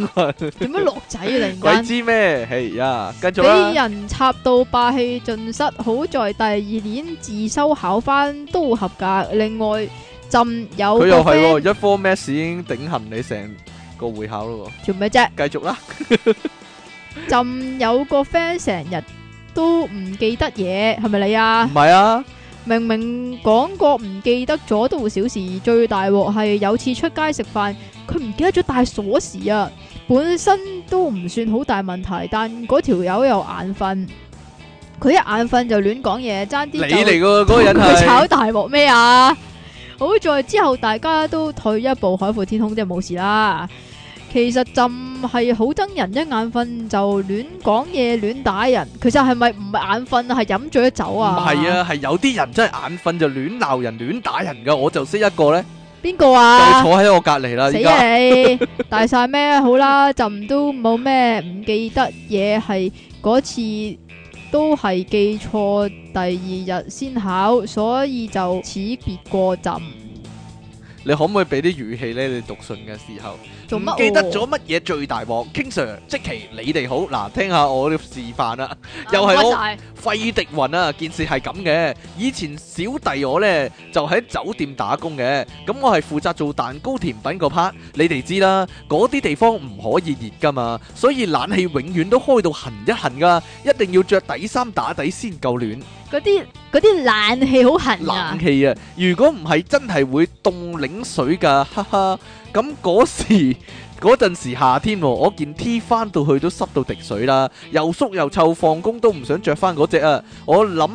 點解落仔啊？突然間鬼知咩？係啊，跟住俾人插到霸氣盡失，好在第二年自修考翻，都合格。另外，朕有個 friend，佢又係哦，一科 math 已經頂行你成個會考咯。做咩啫？繼續啦。朕有個 friend 成日都唔記得嘢，係咪你啊？唔係啊。明明講過唔記得咗都好小事，最大鑊係有次出街食飯，佢唔記得咗帶鎖匙啊！本身都唔算好大問題，但嗰條友又眼瞓，佢一眼瞓就亂講嘢，爭啲你個人係炒大鑊咩啊？好在之後大家都退一步，海闊天空，即係冇事啦。其實朕係好憎人一眼瞓就亂講嘢，亂打人。其實係咪唔係眼瞓啊？係飲醉咗酒啊？唔係啊，係有啲人真係眼瞓就亂鬧人，亂打人噶。我就識一個咧，邊個啊？坐喺我隔籬啦，死你！大晒咩？好啦，朕都冇咩唔記得嘢，係嗰次都係記錯，第二日先考，所以就此別過朕。你可唔可以俾啲語氣呢？你讀信嘅時候，唔記得咗乜嘢最大鑊？King Sir，積淇你哋好嗱、啊，聽下我啲示範啦、啊。 又係我費迪雲啊！件事係咁嘅。以前小弟我呢，就喺酒店打工嘅，咁我係負責做蛋糕甜品個 part。你哋知啦，嗰啲地方唔可以熱噶嘛，所以冷氣永遠都開到痕一痕噶，一定要着底衫打底先夠暖。啲。嗰啲冷氣好痕啊！冷氣啊，如果唔係真係會凍檸水㗎，哈哈！咁嗰時嗰陣時夏天啊，我件 T 翻到去都濕到滴水啦，又縮又臭，放工都唔想着翻嗰隻啊！我諗。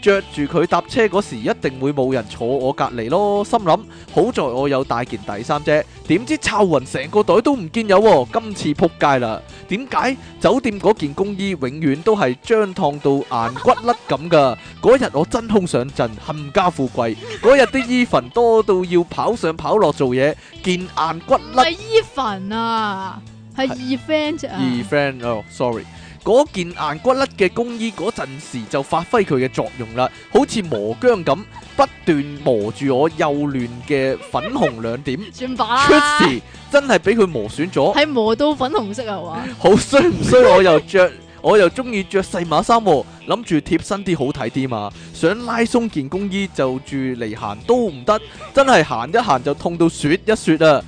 着住佢搭車嗰時，一定會冇人坐我隔籬咯。心諗好在我有帶件底衫啫，點知抄勻成個袋都唔見有。今次撲街啦！點解酒店嗰件工衣永遠都係張燙到硬骨甩咁噶？嗰日我真空上陣，冚家富貴。嗰日啲衣粉多到要跑上跑落做嘢，見硬骨甩。係衣粉啊，係二粉啊。二粉哦，sorry。嗰件硬骨甩嘅工衣，嗰陣時就發揮佢嘅作用啦，好似磨薑咁，不斷磨住我幼嫩嘅粉紅兩點。算罷了啦，出時，出事真係俾佢磨損咗，係磨到粉紅色啊！哇，好衰唔衰？我又着，我又中意着細碼衫喎，諗住貼身啲好睇啲嘛，想拉鬆件工衣就住嚟，行都唔得，真係行一行就痛到雪一雪啊！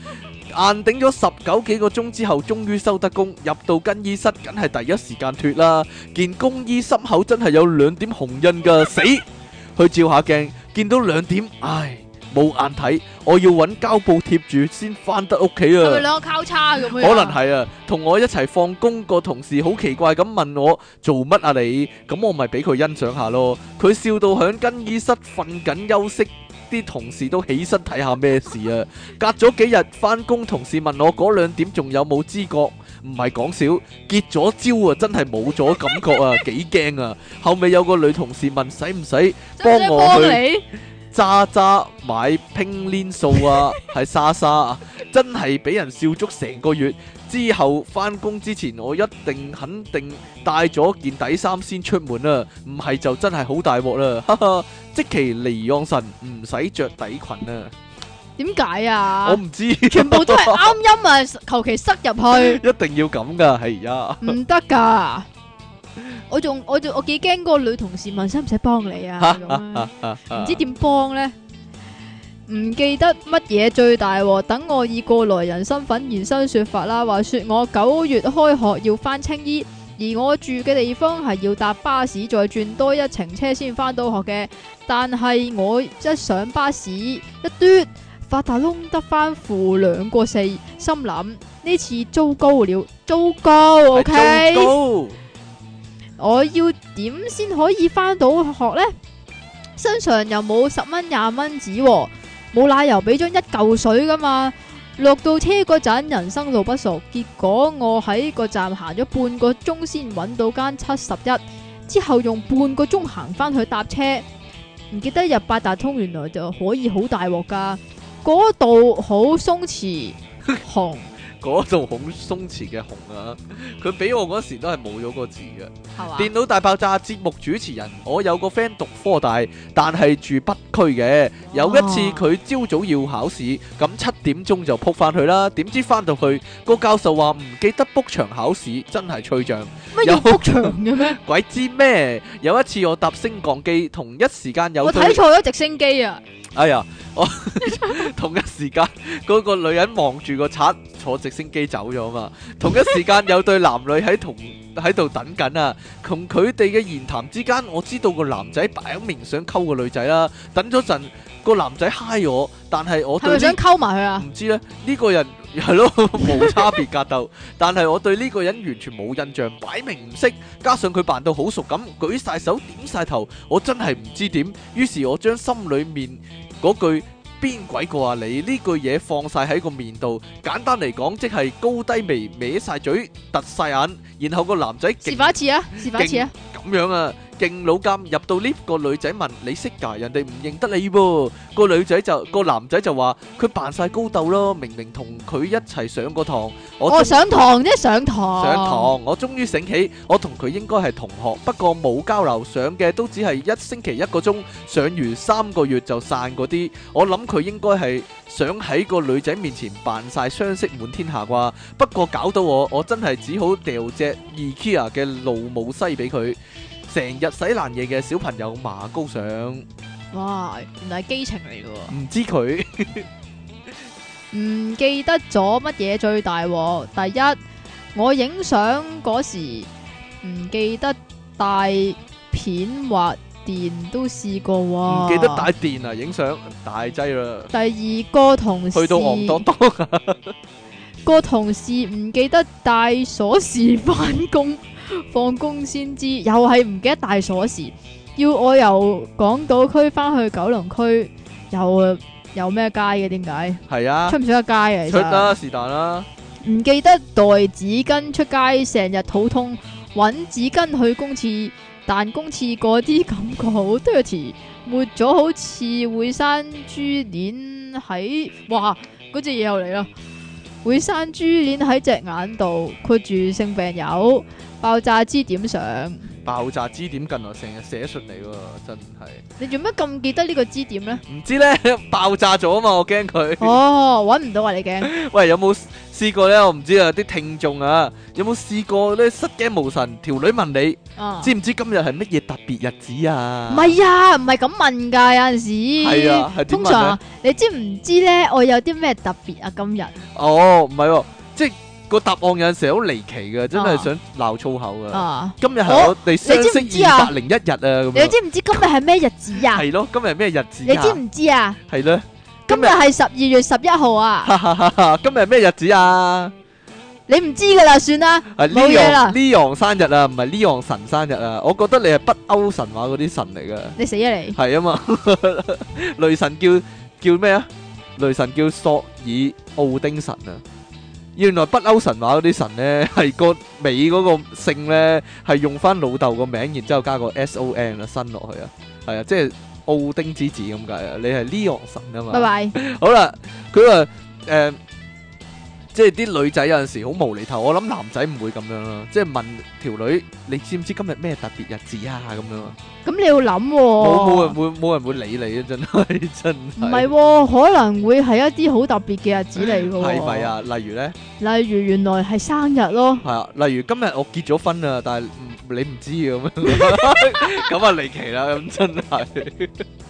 硬頂咗十九幾個鐘之後，終於收得工，入到更衣室，梗係第一時間脱啦。見工衣心口真係有兩點紅印噶，死！去照下鏡，見到兩點，唉，冇眼睇，我要揾膠布貼住先翻得屋企啊！佢兩個交叉咁樣。可能係啊，同我一齊放工個同事好奇怪咁問我做乜啊你？咁我咪俾佢欣賞下咯。佢笑到響更衣室瞓緊休息。啲同事都起身睇下咩事啊！隔咗幾日翻工，同事問我嗰兩點仲有冇知覺？唔係講笑，結咗招啊！真係冇咗感覺啊，幾驚啊！後尾有個女同事問：使唔使幫我去？渣渣買拼鏈數啊，係莎莎真係俾人笑足成個月。之後返工之前，我一定肯定帶咗件底衫先出門啊，唔係就真係好大鑊啦、啊。積淇離岸神唔使着底裙啊？點解啊？我唔知，全部都係啱音啊，求其 塞入去。一定要咁噶，係而家唔得噶。我仲我仲我幾驚個女同事問，使唔使幫你啊？唔 知點幫呢？唔 記得乜嘢最大鑊。等我以過來人身份現身說法啦。話說我九月開學要翻青衣，而我住嘅地方係要搭巴士再轉多一程車先翻到學嘅。但係我一上巴士一嘟發達窿得翻負兩個四，心諗呢次糟糕了，糟糕，OK 糟糕。我要點先可以返到學呢？身上又冇十蚊廿蚊紙，冇奶油俾張一嚿水㗎嘛。落到車嗰陣，人生路不熟，結果我喺個站行咗半個鐘先揾到間七十一，之後用半個鐘行返去搭車，唔記得入八達通，原來就可以好大鑊㗎，嗰度好鬆弛，好。 嗰度好鬆弛嘅紅啊！佢俾我嗰時都係冇咗個字嘅。電腦大爆炸節目主持人，我有個 friend 讀科大，但係住北區嘅。有一次佢朝早要考試，咁七點鐘就撲翻去啦。點知翻到去個教授話唔記得 book 場考試，真係吹脹。乜有 book 場嘅咩？鬼知咩？有一次我搭升降機，同一時間有我睇錯咗直升機啊！哎呀～同一時間，嗰個女人望住個賊坐直升機走咗嘛。同一時間有對男女喺同喺度等緊啊。同佢哋嘅言談之間，我知道個男仔擺明想溝個女仔啦。等咗陣，個男仔嗨我，但係我對想溝埋佢啊，唔知咧呢個人係咯冇差別格鬥，但係我對呢個人完全冇印象，擺明唔識，加上佢扮到好熟咁，舉晒手點晒頭，我真係唔知點。於是我將心裏面。嗰句邊鬼個啊，你呢句嘢放晒喺個面度，簡單嚟講，即係高低眉歪晒嘴，凸晒眼，然後個男仔，示範一次啊！示範激一次啊！咁樣啊！勁老監入到 lift 個女仔問你識噶，人哋唔認得你個，啊、女仔就個男仔就話佢扮晒高斗咯，明明同佢一齊上過堂。我上堂啫，上堂，啊、上堂，我終於醒起，我同佢應該係同學，不過冇交流上嘅都只係一星期一個鐘上完三個月就散嗰啲。我諗佢應該係想喺個女仔面前扮晒相識滿天下啩，不過搞到我我真係只好掉隻 IKEA 嘅路姆西俾佢。成日洗爛嘢嘅小朋友馬高上哇，原來係基情嚟嘅喎，唔知佢唔 記得咗乜嘢最大鑊？第一，我影相嗰時唔記得帶片或電都試過，唔記得帶電啊，影相大劑啦。第二，個同事去到戇多多，個同事唔 記得帶鎖匙翻工。 放工先知，又係唔記得帶鎖匙，要我由港島區翻去九龍區，又有咩街嘅？點解係啊？出唔出得街啊！其實？出得是但啦，唔記得袋紙巾出街，成日肚痛，搵紙巾去公廁，但公廁嗰啲感覺好 dirty，抹咗好似會生豬鏈喺，哇！嗰隻嘢又嚟啦，會生豬鏈喺隻眼度，括住性病友。爆炸支點上，爆炸支點近我成日寫信嚟喎，真係你做咩咁記得個呢個支點咧？唔知咧 爆炸咗啊嘛，我驚佢。哦，揾唔到啊，你驚？ 喂，有冇試過咧？我唔知啊，啲聽眾啊，有冇試過咧失驚無神？條女問你，啊、知唔知今日係乜嘢特別日子啊？唔係啊，唔係咁問噶，有陣時係啊，通常、啊、你知唔知咧？我有啲咩特別啊？今日哦，唔係、啊，即係。個答案有陣時好離奇嘅，真係想鬧粗口噶！今日係我哋相識二百零一日啊！你知唔知今日係咩日子啊？係咯，今日係咩日子？你知唔知啊？係咯，今日係十二月十一號啊！今日係咩日子啊？你唔知噶啦，算啦，冇嘢啦。Lion 生日啊，唔係 Lion 神生日啊！我覺得你係北歐神話嗰啲神嚟噶，你死咗嚟係啊嘛！雷神叫叫咩啊？雷神叫索爾奧丁神啊！原來北歐神話嗰啲神咧，係個尾嗰個姓咧，係用翻老豆個名，然之後加個 S O N 啊，伸落去啊，係啊，即係奧丁之子咁解啊，你係呢昂神啊嘛。拜拜。好啦，佢話誒。呃即係啲女仔有陣時好無厘頭，我諗男仔唔會咁樣咯。即係問條女，你知唔知今日咩特別日子啊？咁樣。咁你要諗喎、哦。冇冇人會冇人會理你啊，真係真。唔係，哦，可能會係一啲好特別嘅日子嚟嘅，哦。係咪 啊？例如咧？例如原來係生日咯。係 啊，例如今日我結咗婚啊，但係你唔知啊咁樣。咁啊離奇啦，咁真係。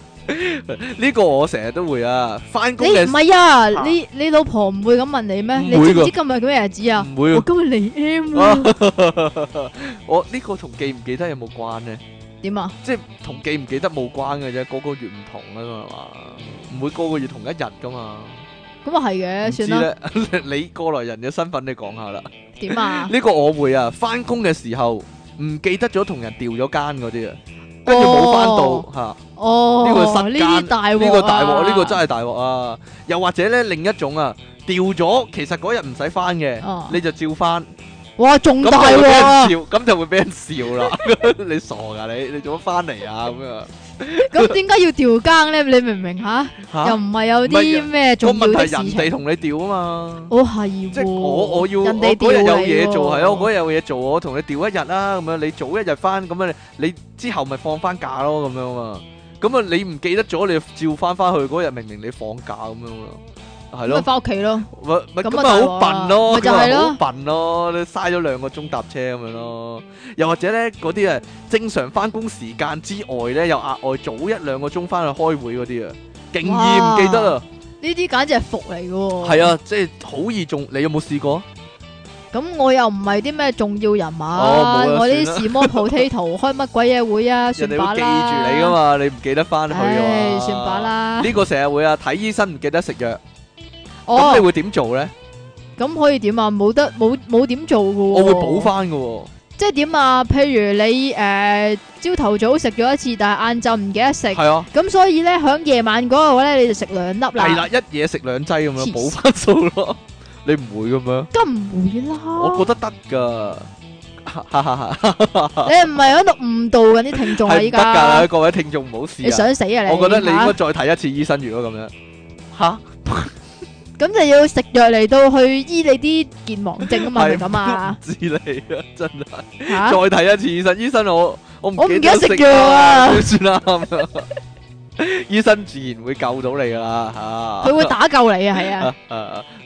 呢個我成日都會啊，翻工嘅。唔係啊，你你老婆唔會咁問你咩？你知唔知今日係咩日子啊？唔會，我今日嚟 M。我呢個同記唔記得有冇關呢？點啊？即係同記唔記得冇關嘅啫，個個月唔同啊嘛，唔會個個月同一日噶嘛。咁啊係嘅，算啦。你過來人嘅身份，你講下啦。點啊？呢個我會啊，翻工嘅時候唔記得咗同人調咗間嗰啲啊。跟住冇翻到吓，呢、哦啊、個失奸大、啊，呢個大鑊、啊，呢個真係大鑊啊！又或者咧，另一種啊，掉咗，其實嗰日唔使翻嘅，啊、你就照翻。哇，仲大鑊喎、啊，咁就會俾人笑啦！笑 你傻噶、啊、你？你做乜翻嚟啊？咁啊？咁點解要調更咧？你明唔明吓？又唔係有啲咩重要的事情？我問題係人哋同你調啊嘛。哦係，即係我我要人哋調，嗰日有嘢做係咯，嗰日有嘢做，我同你調一日啦。咁樣你早一日翻，咁樣你你之後咪放翻假咯。咁樣啊，咁啊，你唔記得咗，你照翻翻去嗰日明明你放假咁樣咯。係咯，翻屋企咯。咁咪好笨咯，咁咪好笨咯，你嘥咗兩個鐘搭車咁樣咯。又或者咧，嗰啲誒，正常翻工時間之外咧，又額外早一兩個鐘翻去開會嗰啲啊，勁易唔記得啊！呢啲簡直係服嚟嘅。係啊，即係好易中。你有冇試過？咁我又唔係啲咩重要人物，我啲 small potato 開乜鬼嘢會啊？算把啦。人哋會記住你噶嘛？你唔記得翻去啊？算把啦。呢個成日會啊！睇醫生唔記得食藥。咁、哦、你會點做咧？咁可以點啊？冇得冇冇點做噶、啊？我會補翻噶。即係點啊？譬如你誒朝頭早食咗一次，但係晏晝唔記得食。係啊。咁、嗯、所以咧，喺夜晚嗰個話咧，你就食兩粒啦。係啦、啊，一嘢食兩劑咁樣補翻數咯。 你唔會咁樣？咁唔會啦。我覺得得噶。 你唔係喺度誤導緊啲聽眾啊！依家 各位聽眾唔好試。你想死啊！你我覺得你應該再睇一次醫生，如果咁樣吓。 咁就要食藥嚟到去醫你啲健忘症啊嘛，係咁啊！自你啊，真係！再睇一次，醫生，醫生，我我唔記得食藥啊！算啦，醫生自然會救到你㗎啦，吓、啊！佢會打救你啊，係啊！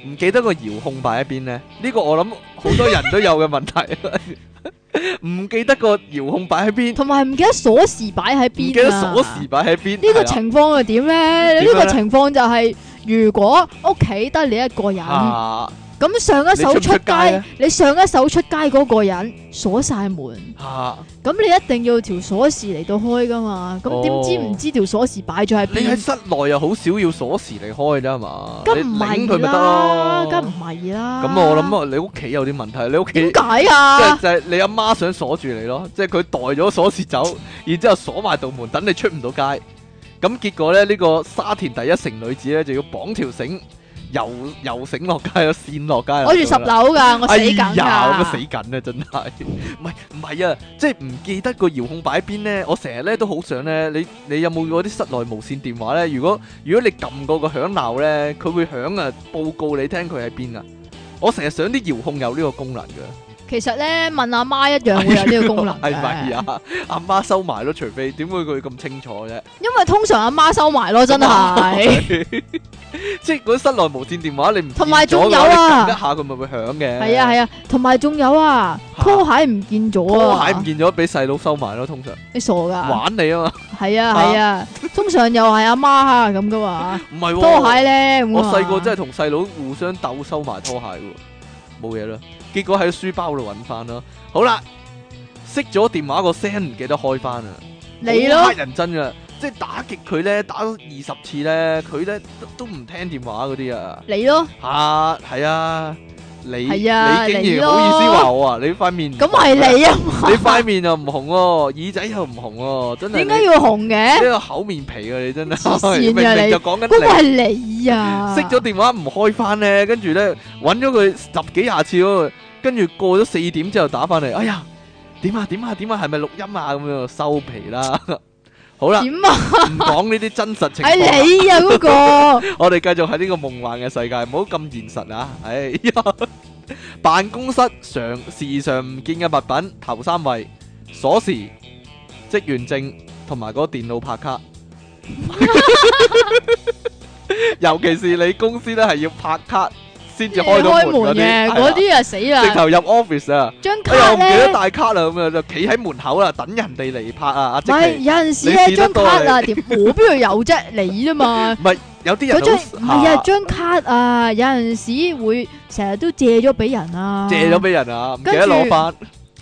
唔記得個遙控擺喺邊咧？呢、這個我諗好多人都有嘅問題，唔 記得個遙控擺喺邊，同埋唔記得鎖匙擺喺邊，記得鎖匙擺喺邊？呢、啊、個情況又點咧？ 呢個情況就係、是。如果屋企得你一個人，咁、啊、上一手出、出街，你上一手出街嗰個人鎖晒門，咁、啊、你一定要條鎖匙嚟到開噶嘛？咁點、哦、知唔知條鎖匙擺咗喺邊？你喺室內又好少要鎖匙嚟開啫嘛？梗唔係佢咪得咯？梗唔係啦。咁我諗啊，你屋企有啲問題，你屋企點解啊？即係 你阿媽想鎖住你咯，即係佢袋咗鎖匙走，然之後鎖埋道門，等 你出唔到街。咁結果咧，呢、這個沙田第一城女子咧就要綁條繩，游游繩落街，有綫落街。我住十樓噶，我死緊啊！咁、哎、呦死緊啊，真係。 唔係唔係啊，即係唔記得個遙控擺邊咧。我成日咧都好想咧，你你有冇嗰啲室內無綫電話咧？如果如果你撳過個響鬧咧，佢會響啊，報告你聽佢喺邊啊。我成日想啲遙控有呢個功能噶。其實咧問阿媽一樣會有呢個功能係咪啊？阿媽收埋咯，除非點會佢咁清楚啫？因為通常阿媽收埋咯，真係即係嗰啲室內無綫電話你唔同埋仲有啊！一下佢咪會響嘅。係啊係啊，同埋仲有啊，拖鞋唔見咗啊！拖鞋唔見咗，俾細佬收埋咯，通常你傻噶？玩你啊嘛！係啊係啊，通常又係阿媽吓咁噶嘛？唔係拖鞋咧，我細個真係同細佬互相鬥收埋拖鞋喎，冇嘢啦。結果喺書包度揾翻咯。好啦，熄咗電話個聲，唔記得開翻啊。你咯，乞人憎噶，即係打擊佢咧，打咗二十次咧，佢咧都唔聽電話嗰啲啊。你，竟你咯，吓係啊，你啊，你竟然好意思話我啊？你塊面咁係你啊？ 你塊面又唔紅、啊，耳仔又唔紅、啊，真係。點解要紅嘅？呢個口面皮啊！你真係，你又講緊嗰個係你啊？熄咗 你 電話唔開翻咧，跟住咧揾咗佢十幾廿次咯。跟住過咗四點之後打翻嚟，哎呀，點啊點啊點啊，係咪錄音啊？咁樣就收皮啦， 好啦了，點啊？唔講呢啲真實情況。你啊嗰、嗰個， 我哋繼續喺呢個夢幻嘅世界，唔好咁現實啊！哎呀， 辦公室常時常唔見嘅物品，頭三位鎖匙、職員證同埋嗰個電腦拍卡， 尤其是你公司咧係要拍卡。先至開到門嘅，嗰啲啊，死啦！直頭入 office 啊，張卡咧唔記得帶卡啦，咁啊就企喺門口啦，等人哋嚟拍啊。喂，有陣時咧張卡啊點，我邊度有啫？你啫嘛？唔係有啲人，唔係啊張卡啊，有陣時會成日都借咗俾人啊，借咗俾人啊，唔記得攞翻。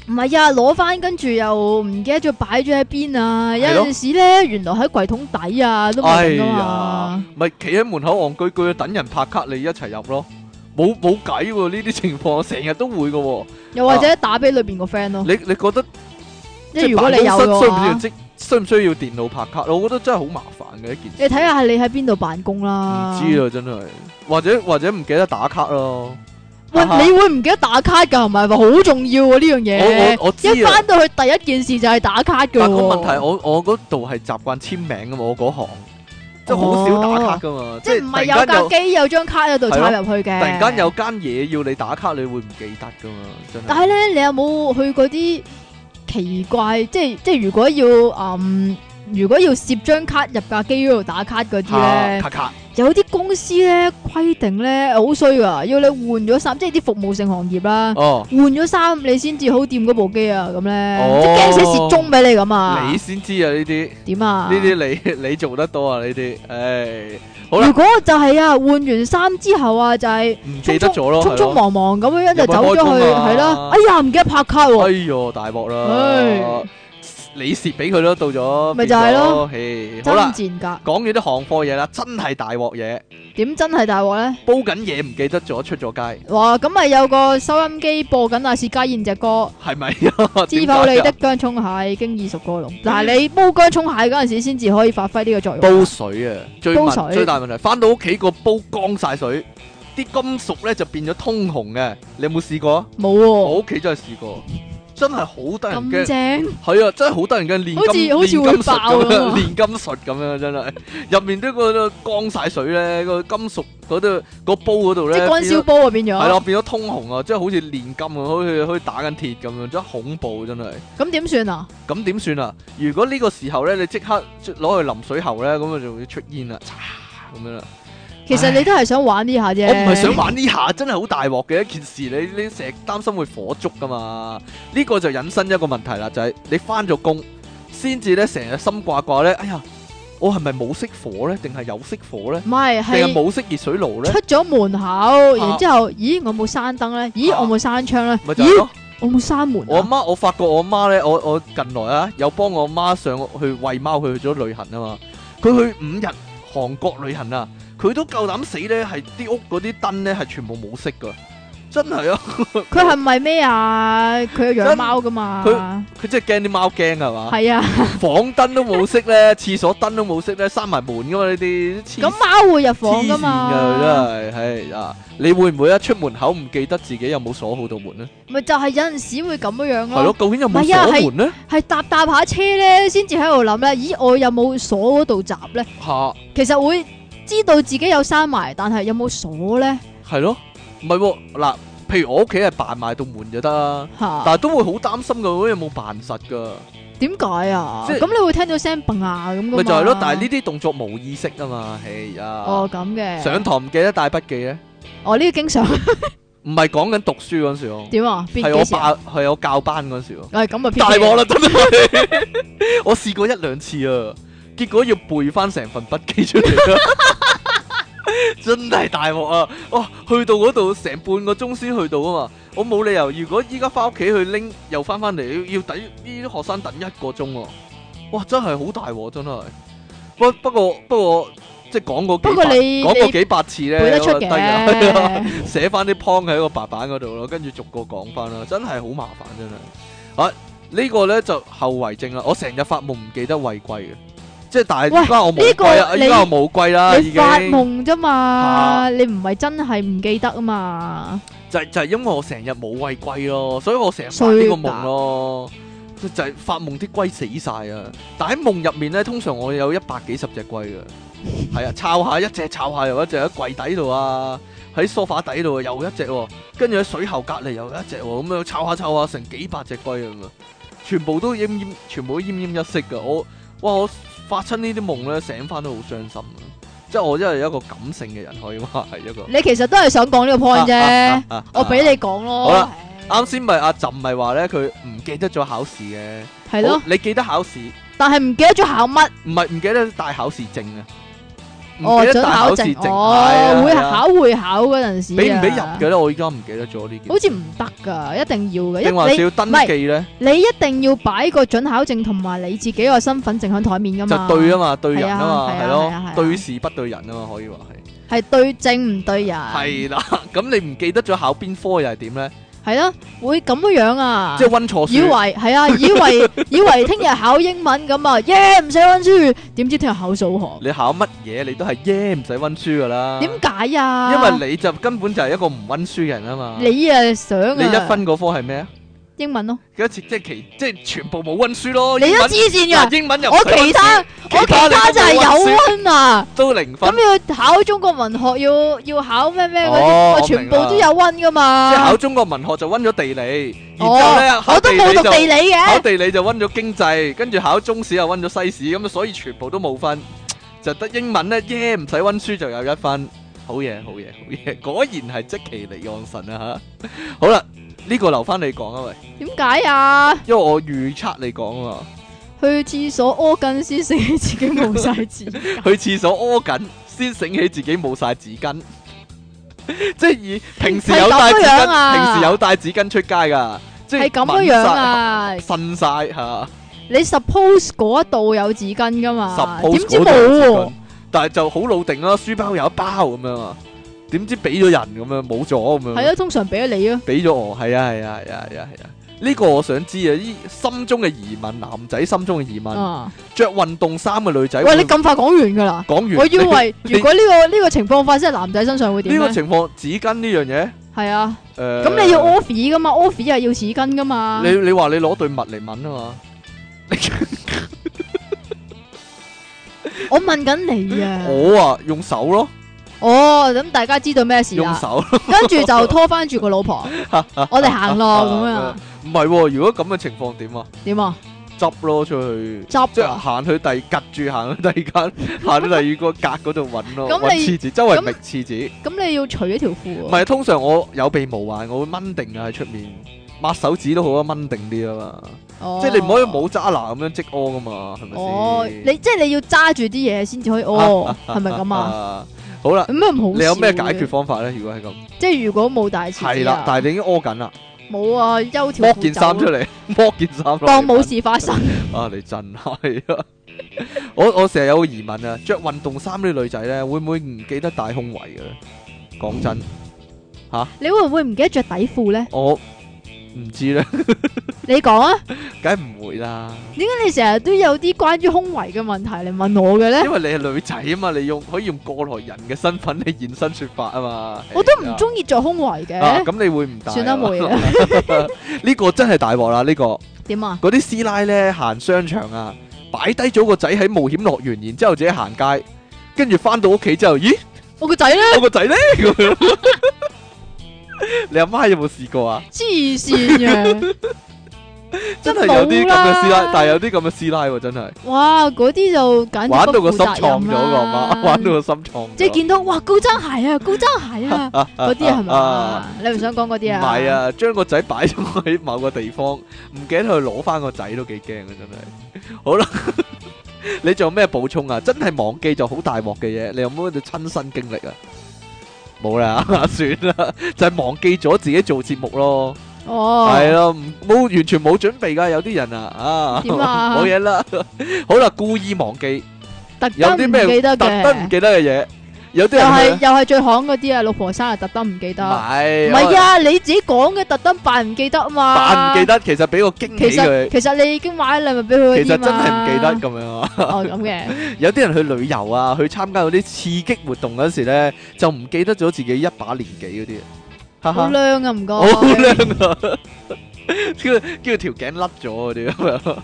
唔係啊，攞翻跟住又唔記得咗擺咗喺邊啊。有陣時咧，原來喺櫃桶底啊，都唔見到啊。唔係企喺門口戇居居等人拍卡，你一齊入咯。冇冇計喎，呢啲、啊、情況成日都會噶喎、啊。又或者打俾裏邊個 friend 咯。你你覺得即係如果你辦公室有嘅話，需唔需，需，需要電腦拍卡？我覺得真係好麻煩嘅一件事、啊。你睇下係你喺邊度辦公啦、啊。唔知啊，真係，或者或者唔記得打卡咯。喂，看看你會唔記得打卡噶？唔係話好重要嘅呢樣嘢。我，我、啊、一翻到去第一件事就係打卡噶、啊。個問題，我我嗰度係習慣簽名啊嘛，我嗰行。即好少打卡㗎嘛，哦、即係唔係有架機有，有張卡喺度插入去嘅、啊。突然間有間嘢要你打卡，你會唔記得㗎嘛？真係。但係咧，你有冇去過啲奇怪？即係即係如果要嗯，如果要攝張卡入架機嗰度打卡嗰啲咧？卡卡。有啲公司咧規定咧好衰噶，要你換咗衫，即係啲服務性行業啦，換咗衫你先至好掂嗰部機啊，咁咧即係驚死蝕鐘俾你咁啊！你先知啊呢啲？點啊？呢啲你你做得到啊呢啲？唉，哎、好啦如果就係啊，換完衫之後啊，就係、是、唔記得咗咯，匆匆忙忙咁樣了就走咗去，係咯、啊？哎呀，唔記得拍卡喎！哎呀，大鑊啦！你蝕俾佢咯，到咗咪就係咯，嘿格好啦吧，講完啲行貨嘢啦，真係大鑊嘢，點真係大鑊咧？煲緊嘢唔記得咗，出咗街哇！咁咪有個收音機播緊阿薛家燕隻歌，係咪、啊？ 知否你的姜葱蟹已經二熟過籠嗱？你煲姜葱蟹嗰陣時先至可以發揮呢個作用、啊。煲水啊，最，煲水最大問題，翻到屋企個煲乾晒水，啲金屬咧就變咗通紅嘅。你有冇試過啊？冇喎，我屋企真係試過。真係好得人驚，係啊，真係好得人驚，煉金煉金術啊，煉金術咁樣真係，入面呢個乾晒水咧，個金屬嗰度個煲嗰度咧，即乾燒煲啊變咗，係咯變咗通紅啊，即係好似煉金啊，好似可以打緊鐵咁樣，真係恐怖真係。咁點算啊？咁點算啊？如果呢個時候咧，你即刻攞去淋水喉咧，咁啊就會出煙啦，咁樣啦。其實你都係想玩呢下啫，我唔係想玩呢下，真係好大鑊嘅一件事。你你成日擔心會火燭噶嘛？呢個就引申一個問題啦，就係你返咗工，先至咧成日心掛掛咧。哎呀，我係咪冇熄火咧？定係有熄火咧？唔係，定係冇熄熱水爐咧？出咗門口，然之後，咦，我冇閂燈咧？咦，我冇閂窗咧？咦，我冇閂門？我阿媽，我發覺我阿媽咧，我我近來啊，有幫我阿媽上去餵貓，佢去咗旅行啊嘛。佢去五日韓國旅行啊。佢都夠膽死咧，係啲屋嗰啲燈咧，係全部冇熄噶，真係啊！佢係咪咩啊？佢養貓噶嘛？佢佢真係驚啲貓驚係嘛？係啊！房燈都冇熄咧，廁所燈都冇熄咧，閂埋門噶嘛呢啲。咁貓會入房噶嘛？黐線㗎真係，係啊！你會唔會一出門口唔記得自己有冇鎖好道門咧？咪就係有陣時會咁樣樣咯。係咯，究竟有冇鎖門咧？係搭搭下車咧，先至喺度諗咧。咦，我有冇鎖嗰度閘咧？嚇！其實會。知道自己有閂埋，但係有冇鎖咧？係咯，唔係喎嗱，譬如我屋企係扮埋道門就得啦，但係都會好擔心佢，有冇扮實噶？點解啊？咁你會聽到聲嘭啊咁？咪就係咯，但係呢啲動作冇意識啊嘛，哎呀！哦，咁嘅上堂唔記得帶筆記咧？哦，呢個經常唔係講緊讀書嗰陣時哦？點啊？係我係我教班嗰陣時哦。誒，咁啊，大鑊啦，真係！我試過一兩次啊。如果要背翻成份筆記出嚟，真係大鑊啊！哇，去到嗰度成半個鐘先去到啊嘛。我冇理由，如果依家翻屋企去拎，又翻翻嚟要要等呢啲學生等一個鐘。哇，真係好大鑊，真係不不過不過即係講過講過幾百次咧，背得出嘅，寫翻啲 point 喺個白板嗰度咯，跟住逐個講翻啦。真係好麻煩，真係啊呢個咧就後遺症啦。我成日發夢唔記得喂貴嘅。即係但係依家我冇龜啊！依家冇龜啦，你發夢啫嘛？你唔係真係唔記得啊嘛？就就係因為我成日冇餵龜咯，所以我成日發呢個夢咯。就係發夢啲龜死晒啊！但喺夢入面咧，通常我有一百幾十隻龜㗎，係啊，摷下一隻，摷下又一隻喺櫃底度啊，喺梳化底度又一隻，跟住喺水喉隔離又一隻咁樣摷下，摷下成幾百隻龜啊！全部都奄奄，全部都奄奄一息㗎。我哇我～發出呢啲夢咧，醒翻都好傷心。即係我真係一個感性嘅人，可以話係一個。你其實都係想講呢個 point 啫，啊啊啊、我俾你講咯。啊啊、咯好啦了，啱先咪阿朕咪話咧，佢唔記得咗考試嘅。係咯，你記得考試，但係唔記得咗考乜？唔係唔記得帶考試證啊。哦，準考證，哦，會考會考嗰陣時，俾唔俾入嘅咧？我依家唔記得咗呢件。好似唔得噶，一定要嘅。因為你要登記咧？你一定要擺個準考證同埋你自己個身份證喺台面噶嘛？就對啊嘛，對人啊嘛，係咯，對事不對人啊嘛，可以話係。係對證唔對人。係啦，咁你唔記得咗考邊科又係點咧？係啦，啊，會咁樣樣啊，即係溫錯書，以為係啊，以為 以為聽日考英文咁啊，耶唔使溫書，點知聽日考數學？你考乜嘢，你都係耶唔使溫書噶啦。點解啊？因為你就根本就係一個唔溫書人啊嘛，啊。你想啊想你一分嗰科係咩啊？英文咯，嗰一次即係奇，即係全部冇溫書咯。你都黐線嘅，我其他我其他就係有溫啊。都零分。咁要考中國文學要要考咩咩嗰啲，我全部都有溫噶嘛。即係考中國文學就溫咗地理，然後咧考都冇讀地理嘅考地理就溫咗經濟，跟住考中史又溫咗西史，咁啊所以全部都冇分，就得英文咧耶唔使溫書就有一分，好嘢好嘢好嘢！果然係積淇離岸神啊吓，好啦。呢個留翻你講啊，喂！點解啊？因為我預測你講啊。去廁所屙緊先醒起自己冇晒紙。 去廁所屙緊先醒起自己冇晒紙巾。 即係以平時有帶紙巾，啊、平時有帶紙巾出街噶。係咁樣啊！瞓晒吓。 你 suppose 嗰一度有紙巾噶嘛？點 Supp osed 知冇？但係就好老定啦、啊，書包有一包咁樣啊。點知俾咗人咁樣冇咗咁樣？係啊，通常俾咗你啊。俾咗我，係啊係啊係啊係啊係啊！呢個我想知啊，啲心中嘅疑問，男仔心中嘅疑問。着運動衫嘅女仔。喂，你咁快講完噶啦？講完。我以為如果呢個呢個情況發生喺男仔身上會點咧？呢個情況，紙巾呢樣嘢？係啊。誒。咁你要 office 噶嘛？office 係要紙巾噶嘛？你你話你攞對襪嚟問啊嘛？我問緊你啊！我啊，用手咯。哦，咁大家知道咩事啊？用手，跟住就拖翻住個老婆，我哋行咯咁樣。唔係喎，如果咁嘅情況點啊？點啊？執咯出去，執即行去第二，隔住，行去第二間，行到第二個格嗰度揾咯，揾廁紙，周圍搣廁紙。咁你要除咗條褲？唔係，通常我有備無患，我會掹定啊喺出面，抹手指都好啊，掹定啲啊嘛。哦，即係你唔可以冇揸拿咁樣即屙噶嘛，係咪？哦，你即係你要揸住啲嘢先至可以屙，係咪咁啊？好啦，好你有咩解決方法咧？如果係咁，即係如果冇大錢了，係啦，但係你已經屙緊啦。冇啊，休條、啊剝，剝件衫出嚟，剝件衫，當冇事發生。 啊，你真係啊！我我成日有個疑問啊，着運動衫啲女仔咧，會唔會唔記得帶胸圍嘅咧？講真，嚇你會唔會唔記得着底褲咧？我。Oh. 唔知啦，你講啊，梗係唔會啦。點解你成日都有啲關於胸圍嘅問題嚟問我嘅咧？因為你係女仔啊嘛，你用可以用過來人嘅身份嚟現身說法啊嘛。我都唔中意着胸圍嘅。咁你會唔大？算啦，冇嘢。呢個真係大鑊啦！呢個點啊？嗰啲師奶咧行商場啊，擺低咗個仔喺冒險樂園，然之後自己行街，跟住翻到屋企之後，咦？我個仔咧？我個仔咧？你阿媽有冇試過 啊？黐線嘅，真係有啲咁嘅師奶，但係有啲咁嘅師奶喎，真係。哇，嗰啲就簡直玩到個心創咗個媽，玩到個心創。 即係見到哇高踭鞋啊，高踭鞋啊，嗰啲係咪？你唔想講嗰啲啊？係啊，將個仔擺咗喺某個地方，唔記得去攞翻個仔都幾驚啊！真係。好啦， 你仲有咩補充啊？真係忘記就好大鑊嘅嘢，你有冇啲親身經歷啊？冇啦，算啦，就係、是、忘記咗自己做節目咯。哦、oh.，係咯，冇完全冇準備噶，有啲人啊，啊，冇嘢啦，事 好啦，故意忘記，特定 有啲咩特登唔記得嘅嘢？又係又係最行嗰啲啊！老婆生日，特登唔記得，唔係啊！你自己講嘅特登扮唔記得啊嘛！扮唔記得，其實俾個驚喜佢。其實其實你已經買咗禮物俾佢啊嘛！其實真係唔記得咁樣啊！哦咁嘅。有啲人去旅遊啊，去參加嗰啲刺激活動嗰時咧，就唔記得咗自己一把年紀嗰啲，哈哈！好靚啊，唔該。好靚啊！叫叫條頸甩咗嗰啲咁樣，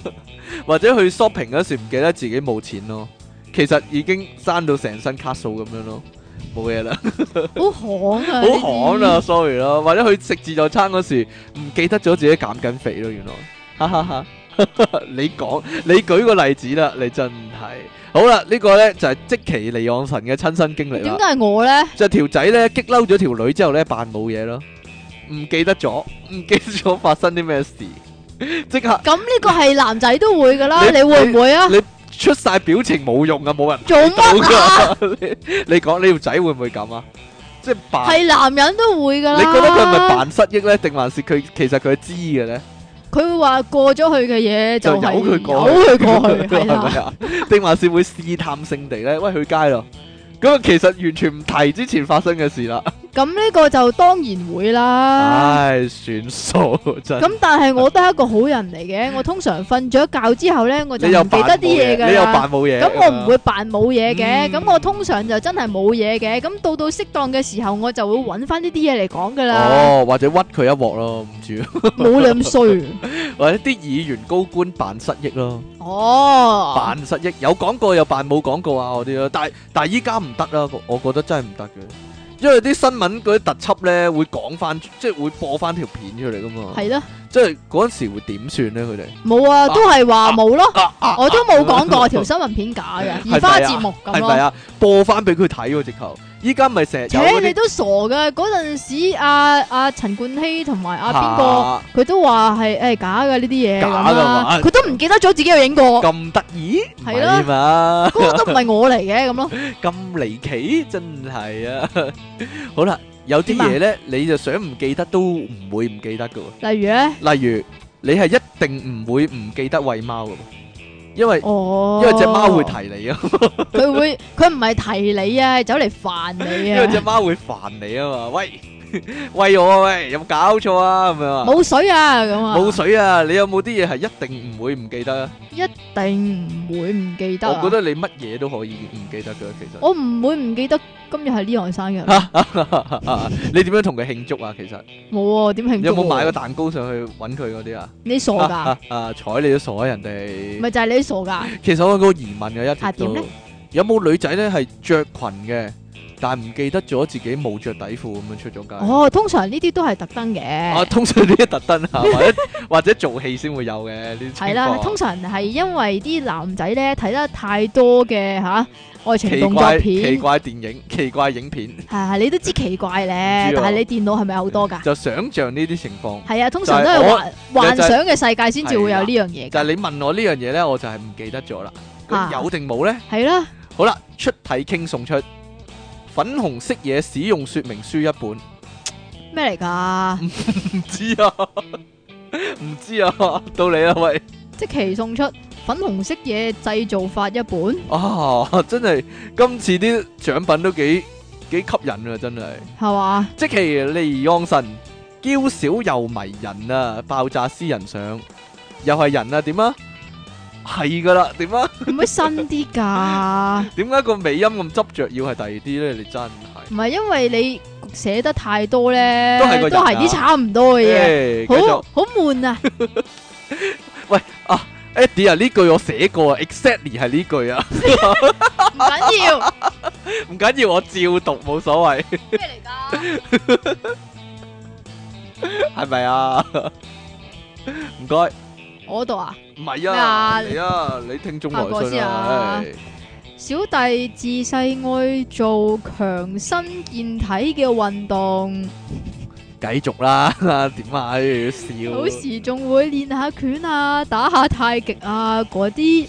或者去 shopping 嗰時唔記得自己冇錢咯。其實已經生到成身卡數咁樣咯，冇嘢啦，好寒啊，好寒啊，sorry 咯。或者去食自助餐嗰時唔記得咗自己減緊肥咯，原來哈哈哈，你講，你舉個例子啦，你真係，好啦，呢個咧就係積淇離岸神嘅親身經歷啦。點解係我咧？就條仔咧激嬲咗條女之後咧扮冇嘢咯，唔記得咗，唔記得咗發生啲咩事，即刻。咁呢個係男仔都會噶啦，你會唔會啊？出晒表情冇用啊，冇人做到噶。你講你條仔會唔會咁啊？即係扮係男人都會噶。你覺得佢係咪扮失憶咧，定還是佢其實佢知嘅咧？佢會話過咗去嘅嘢就，就由佢講， 由佢講去係咪啊？定 還是會試探性地咧？喂，去街咯。咁啊，其實完全唔提之前發生嘅事啦。 咁呢個就當然會啦。唉，算數真。咁但係我都係一個好人嚟嘅。 我通常瞓咗覺之後呢，我就唔記得啲嘢嘅。你又扮冇嘢。咁我唔會扮冇嘢嘅。咁、嗯、我通常就真係冇嘢嘅。咁到到適當嘅時候，我就會搵翻呢啲嘢嚟講噶啦。哦，或者屈佢一鑊咯，唔知。冇你咁衰。 或者啲議員高官扮失憶咯。哦。扮失憶，有講過又扮冇講過啊，我啲咯。但係但係依家唔得啦，我我覺得真係唔得嘅。因為啲新聞嗰啲特輯咧，會講翻，即係會播翻條片出嚟噶嘛。係咯是的，即係嗰陣時會點算咧？佢哋冇啊，都係話冇咯，啊啊啊、我都冇講過、啊啊啊、條新聞片假嘅，移 花接木。咁、啊、樣咯是是、啊。係咪啊？播翻俾佢睇喎，直頭。依家咪成日，誒，你都傻㗎。嗰陣時，阿阿陳冠希同埋阿邊個，佢都話係誒假㗎呢啲嘢，佢都唔記得咗自己有影過，咁得意係咯，嗰個都唔係我嚟嘅，咁咯，咁離奇真係啊！好啦，有啲嘢咧，你就想唔記得都唔會唔記得㗎，例如咧，例如你係一定唔會唔記得餵貓㗎。因為、oh. 因為隻貓會提你啊， 佢會佢唔係提你啊，走嚟煩你啊，因為隻貓會煩你啊嘛，喂。喂，我喂，有冇搞錯啊？咁啊冇水啊，咁啊冇水啊。你有冇啲嘢係一定唔會唔記得啊？一定唔會唔記得。我覺得你乜嘢都可以唔記得噶，其實我唔會唔記得今日係呢樣生日。你點樣同佢慶祝啊？其實冇啊，點慶祝啊？你有冇買個蛋糕上去搵佢嗰啲啊？你傻噶？誒，睬你都傻啊！人哋唔係就係你傻噶。其實我有個疑問嘅一條就係點咧？有冇女仔咧係着裙嘅？但係唔記得咗自己冇著底褲咁樣出咗街。哦，通常呢啲都係特登嘅。哦，通常呢啲特登，或者或者做戲先會有嘅呢啲情況。係啦，通常係因為啲男仔咧睇得太多嘅嚇愛情動作片、奇怪電影、奇怪影片。係係，你都知奇怪咧。但係你電腦係咪好多㗎？就想像呢啲情況。係啊，通常都係幻幻想嘅世界先至會有呢樣嘢。但係你問我呢樣嘢咧，我就係唔記得咗啦。有定冇咧？係啦。好啦，出體 King 送出。粉紅色嘢使用說明書一本，咩嚟噶？唔知啊，唔知啊，到你啦，喂！積淇送出粉紅色嘢製造法一本啊，真係今次啲獎品都幾幾吸引啊，真係係哇！積淇離岸神嬌小又迷人啊，爆炸私人相又係人啊，點啊？係噶啦，點啊？會唔會新啲噶？點解個尾音咁執着要係第二啲咧？你真係唔係，因為你寫得太多咧，都係都係啲差唔多嘅嘢，繼續，好好悶啊！喂，啊，Eddie 啊，呢句我寫過，exactly 係呢句啊，唔緊要，唔緊要，我照讀冇所謂，咩嚟噶？係咪啊？唔該。我度啊？唔係啊！嚟啊，啊！你聽眾來信啦、啊。小弟自細愛做強身健體嘅運動，繼續啦。點 啊？笑。有時仲會練下拳啊，打下太極啊嗰啲。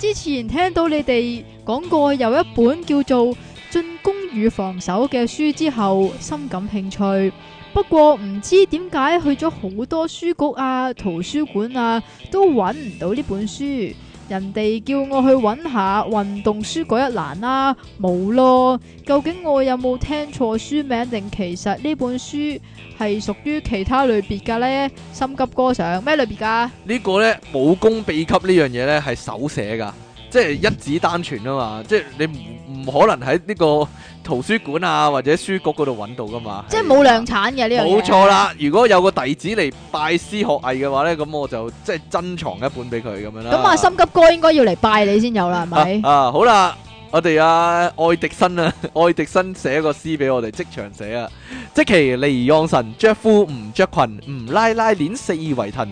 之前聽到你哋講過有一本叫做《進攻與防守》嘅書之後，深感興趣。不過唔知點解去咗好多書局啊、圖書館啊，都揾唔到呢本書。人哋叫我去揾下運動書嗰一欄啦、啊，冇咯。究竟我有冇聽錯書名，定其實呢本書係屬於其他類別噶呢？心急歌想咩類別噶？呢個呢，武功秘笈呢樣嘢呢，係手寫噶。即係一指單傳啊嘛！即係你唔唔可能喺呢個圖書館啊或者書局嗰度揾到噶嘛？即係冇量產嘅呢樣嘢。冇錯啦！如果有個弟子嚟拜師學藝嘅話咧，咁我就即係珍藏一本俾佢咁樣啦。咁啊，心急哥應該要嚟拜你先有啦，係咪、啊？是是啊，好啦，我哋阿、啊、愛迪生啊，愛迪生寫個詩俾我哋即場寫啊， 積淇離岸神著褲唔著裙，唔拉拉鏈四圍騰。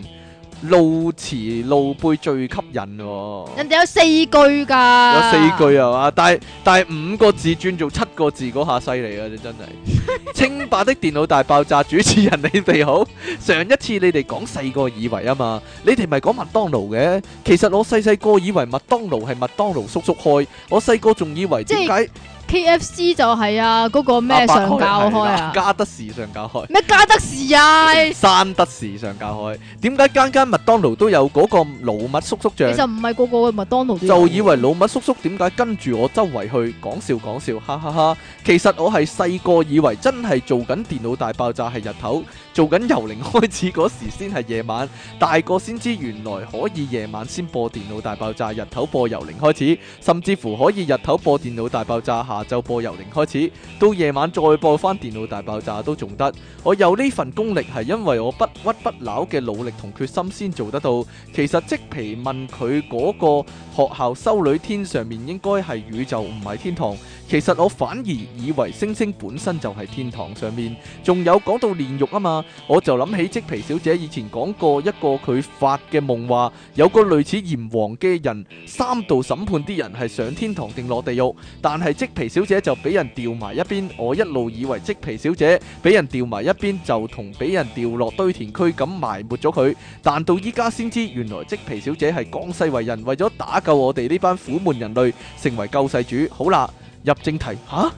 露臍露背最吸引喎、哦，人哋有四句㗎，有四句啊嘛， 但係但係五個字轉做七個字嗰下犀利啊！你真係 清白的電腦大爆炸主持人，你哋好，上一次你哋講細個以為啊嘛，你哋咪講麥當勞嘅，其實我細細個以為麥當勞係麥當勞叔叔開，我細個仲以為點解？KFC 就係啊，嗰個咩上校開啊？加德士上校開咩？加德士啊？山德士上校開？點解間間麥當勞都有嗰個老麥叔叔像？其實唔係個個麥當勞，就以為老麥叔叔，點解跟住我周圍去講笑講笑哈哈哈！其實我係細個以為真係做緊電腦大爆炸係日頭，做緊由零開始嗰時先係夜晚。大個先知原來可以夜晚先播電腦大爆炸，日頭播由零開始，甚至乎可以日頭播電腦大爆炸吓。就播由零開始，到夜晚再播翻《電腦大爆炸》都仲得。我有呢份功力係因為我不屈不撓嘅努力同決心先做得到。其實即皮問佢嗰個學校修女天上面，應該係宇宙唔係天堂，其實我反而以為星星本身就係天堂上面。仲有講到煉獄啊嘛，我就諗起即皮小姐以前講過一個佢發嘅夢，話有個類似閻王嘅人三度審判啲人係上天堂定落地獄，但係即皮。皮小姐就俾人掉埋一邊，我一路以為脆皮小姐俾人掉埋一邊，就同俾人掉落堆填區咁埋沒咗佢。但到依家先知，原來脆皮小姐係降世為人，為咗打救我哋呢班苦悶人類，成為救世主。好啦，入正題，吓、啊，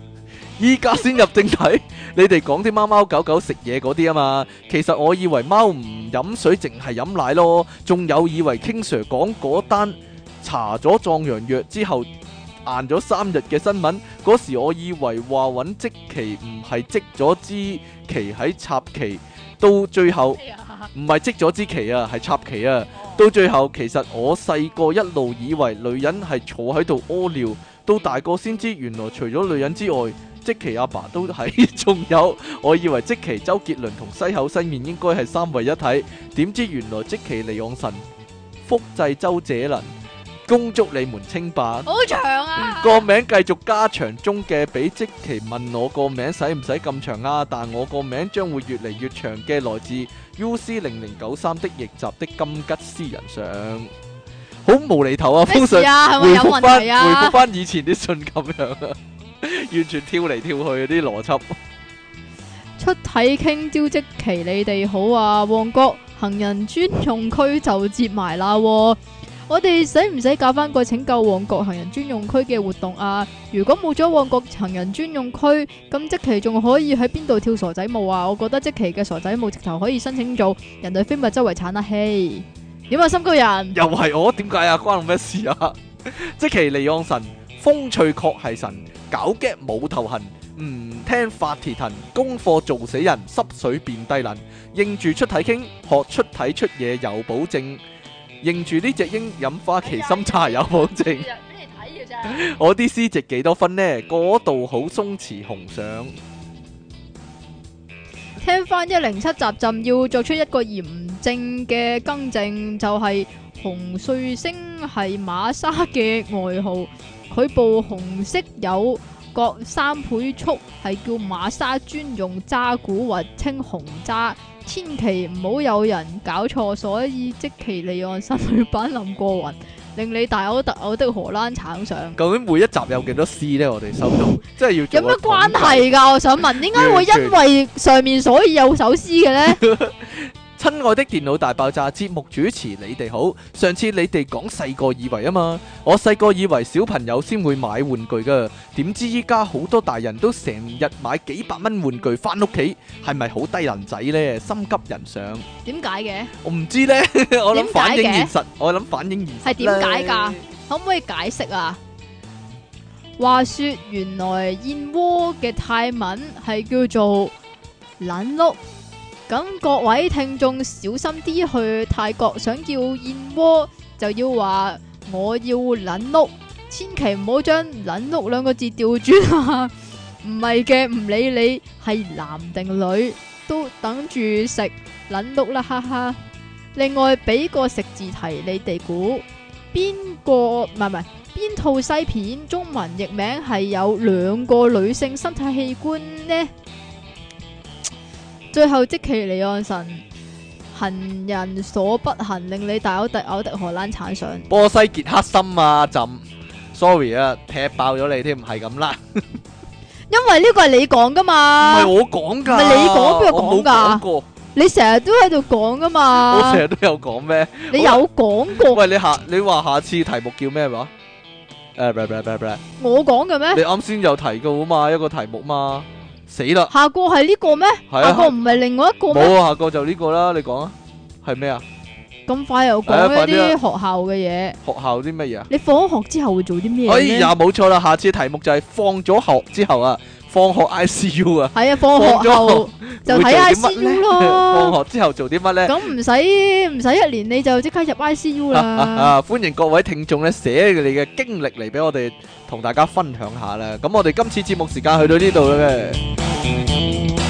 依家先入正題，你哋講啲貓貓狗狗食嘢嗰啲啊嘛。其實我以為貓唔飲水淨係飲奶咯，仲有以為 King Sir 講嗰單搽咗壯陽藥之後。行咗三日嘅新聞，嗰時我以為話揾，積淇唔係積咗支奇喺插旗，到最後唔係積咗支奇啊，係插旗啊！到最後其實我細個一路以為女人係坐喺度屙尿，到大個先知原來除咗女人之外，積淇阿爸都係。仲 有我以為積淇周杰倫同西口西面應該係三位一體，點知原來積淇離岸神複製周杰能。恭祝你們清白。好長啊！個名繼續加長中嘅，俾積淇問我個名使唔使咁長啊？但我個名將會越嚟越長嘅，來自 UC 零零九三的逆襲的金吉私人相。好無厘頭啊！咩事啊？係咪有問題啊？回復翻以前啲信咁樣，啊， 完全跳嚟跳去啲邏輯。邏輯出體傾焦積淇，你哋好啊！旺角行人專用區就接埋啦，啊。我哋使唔使搞翻個拯救旺角行人專用區嘅活動啊？如果冇咗旺角行人專用區，咁即期仲可以喺邊度跳傻仔舞啊？我覺得即期嘅傻仔舞直頭可以申請做人類飛物周圍產得氣。點啊，心、hey, 高、啊、人又係我，點解啊？關我咩事啊？ 即其利昂神風趣確係神，搞 g 冇頭痕，唔、嗯、聽發鐵騰，功課做死人，濕水變低能，應住出體傾，學出體出嘢有保證。認住呢隻鷹飲花旗參茶有保證。我啲詩值幾多分呢？嗰度好鬆弛紅相。聽翻一零七集朕要作出一個嚴正嘅更正，就係、是、紅彗星係馬沙嘅外號。佢部紅色有各三倍速，係叫馬沙專用渣古或稱紅渣。千祈唔好有人搞錯，所以積淇離岸神裏板臨過雲，令你大拗特拗的荷蘭橙上。究竟每一集有幾多詩呢？我哋收到，即係要有咩關係噶？我想問，點解會因為上面所以有首詩嘅呢？ 親愛的電腦大爆炸節目主持，你哋好。上次你哋講細個以為啊嘛，我細個以為小朋友先會買玩具噶點知依家好多大人都成日買幾百蚊玩具翻屋企，係咪好低能仔呢？心急人上，點解嘅？我唔知呢，我諗反映現實，我諗反映現實咧。係點解噶？可唔可以解釋啊？話說，原來燕窩嘅泰文係叫做懶碌。咁各位聽眾小心啲去泰國，想叫燕窩就要話我要撚碌，千祈唔好將撚碌兩個字調轉啊！唔係嘅，唔理你係男定女，都等住食撚碌啦，哈哈！另外俾個食字題你哋估，邊個唔係唔係邊套西片中文譯名係有兩個女性身體器官呢？最後積淇離岸神，行人所不行，令你大口突、大口突荷蘭鏟上。波西傑克森啊朕，sorry 啊，踢爆咗你添，唔係咁啦。 因為呢個係你講噶嘛，唔係我講噶，唔係你講邊個講噶？你成日都喺度講噶嘛？我成日都有講咩？你有講過？喂你下你話下次題目叫咩話？Uh, blah blah blah blah. 我講嘅咩？你啱先有提過啊嘛，一個題目嘛。死啦！下個係呢個咩？啊，下個唔係另外一個咩？冇啊，下個就呢個啦。你講啊，係咩啊？咁快又講一啲學校嘅嘢？學校啲乜嘢啊？你放咗學之後會做啲咩咧？哎呀，冇錯啦，下次題目就係放咗學之後啊，放學 ICU 啊，係啊，放學之後就睇 ICU 咯。放學之後做啲乜咧？咁唔使唔使一年你就即刻入 ICU 啦。啊，歡迎各位聽眾咧，寫你嘅經歷嚟俾我哋同大家分享下啦。咁我哋今次節目時間去到呢度啦。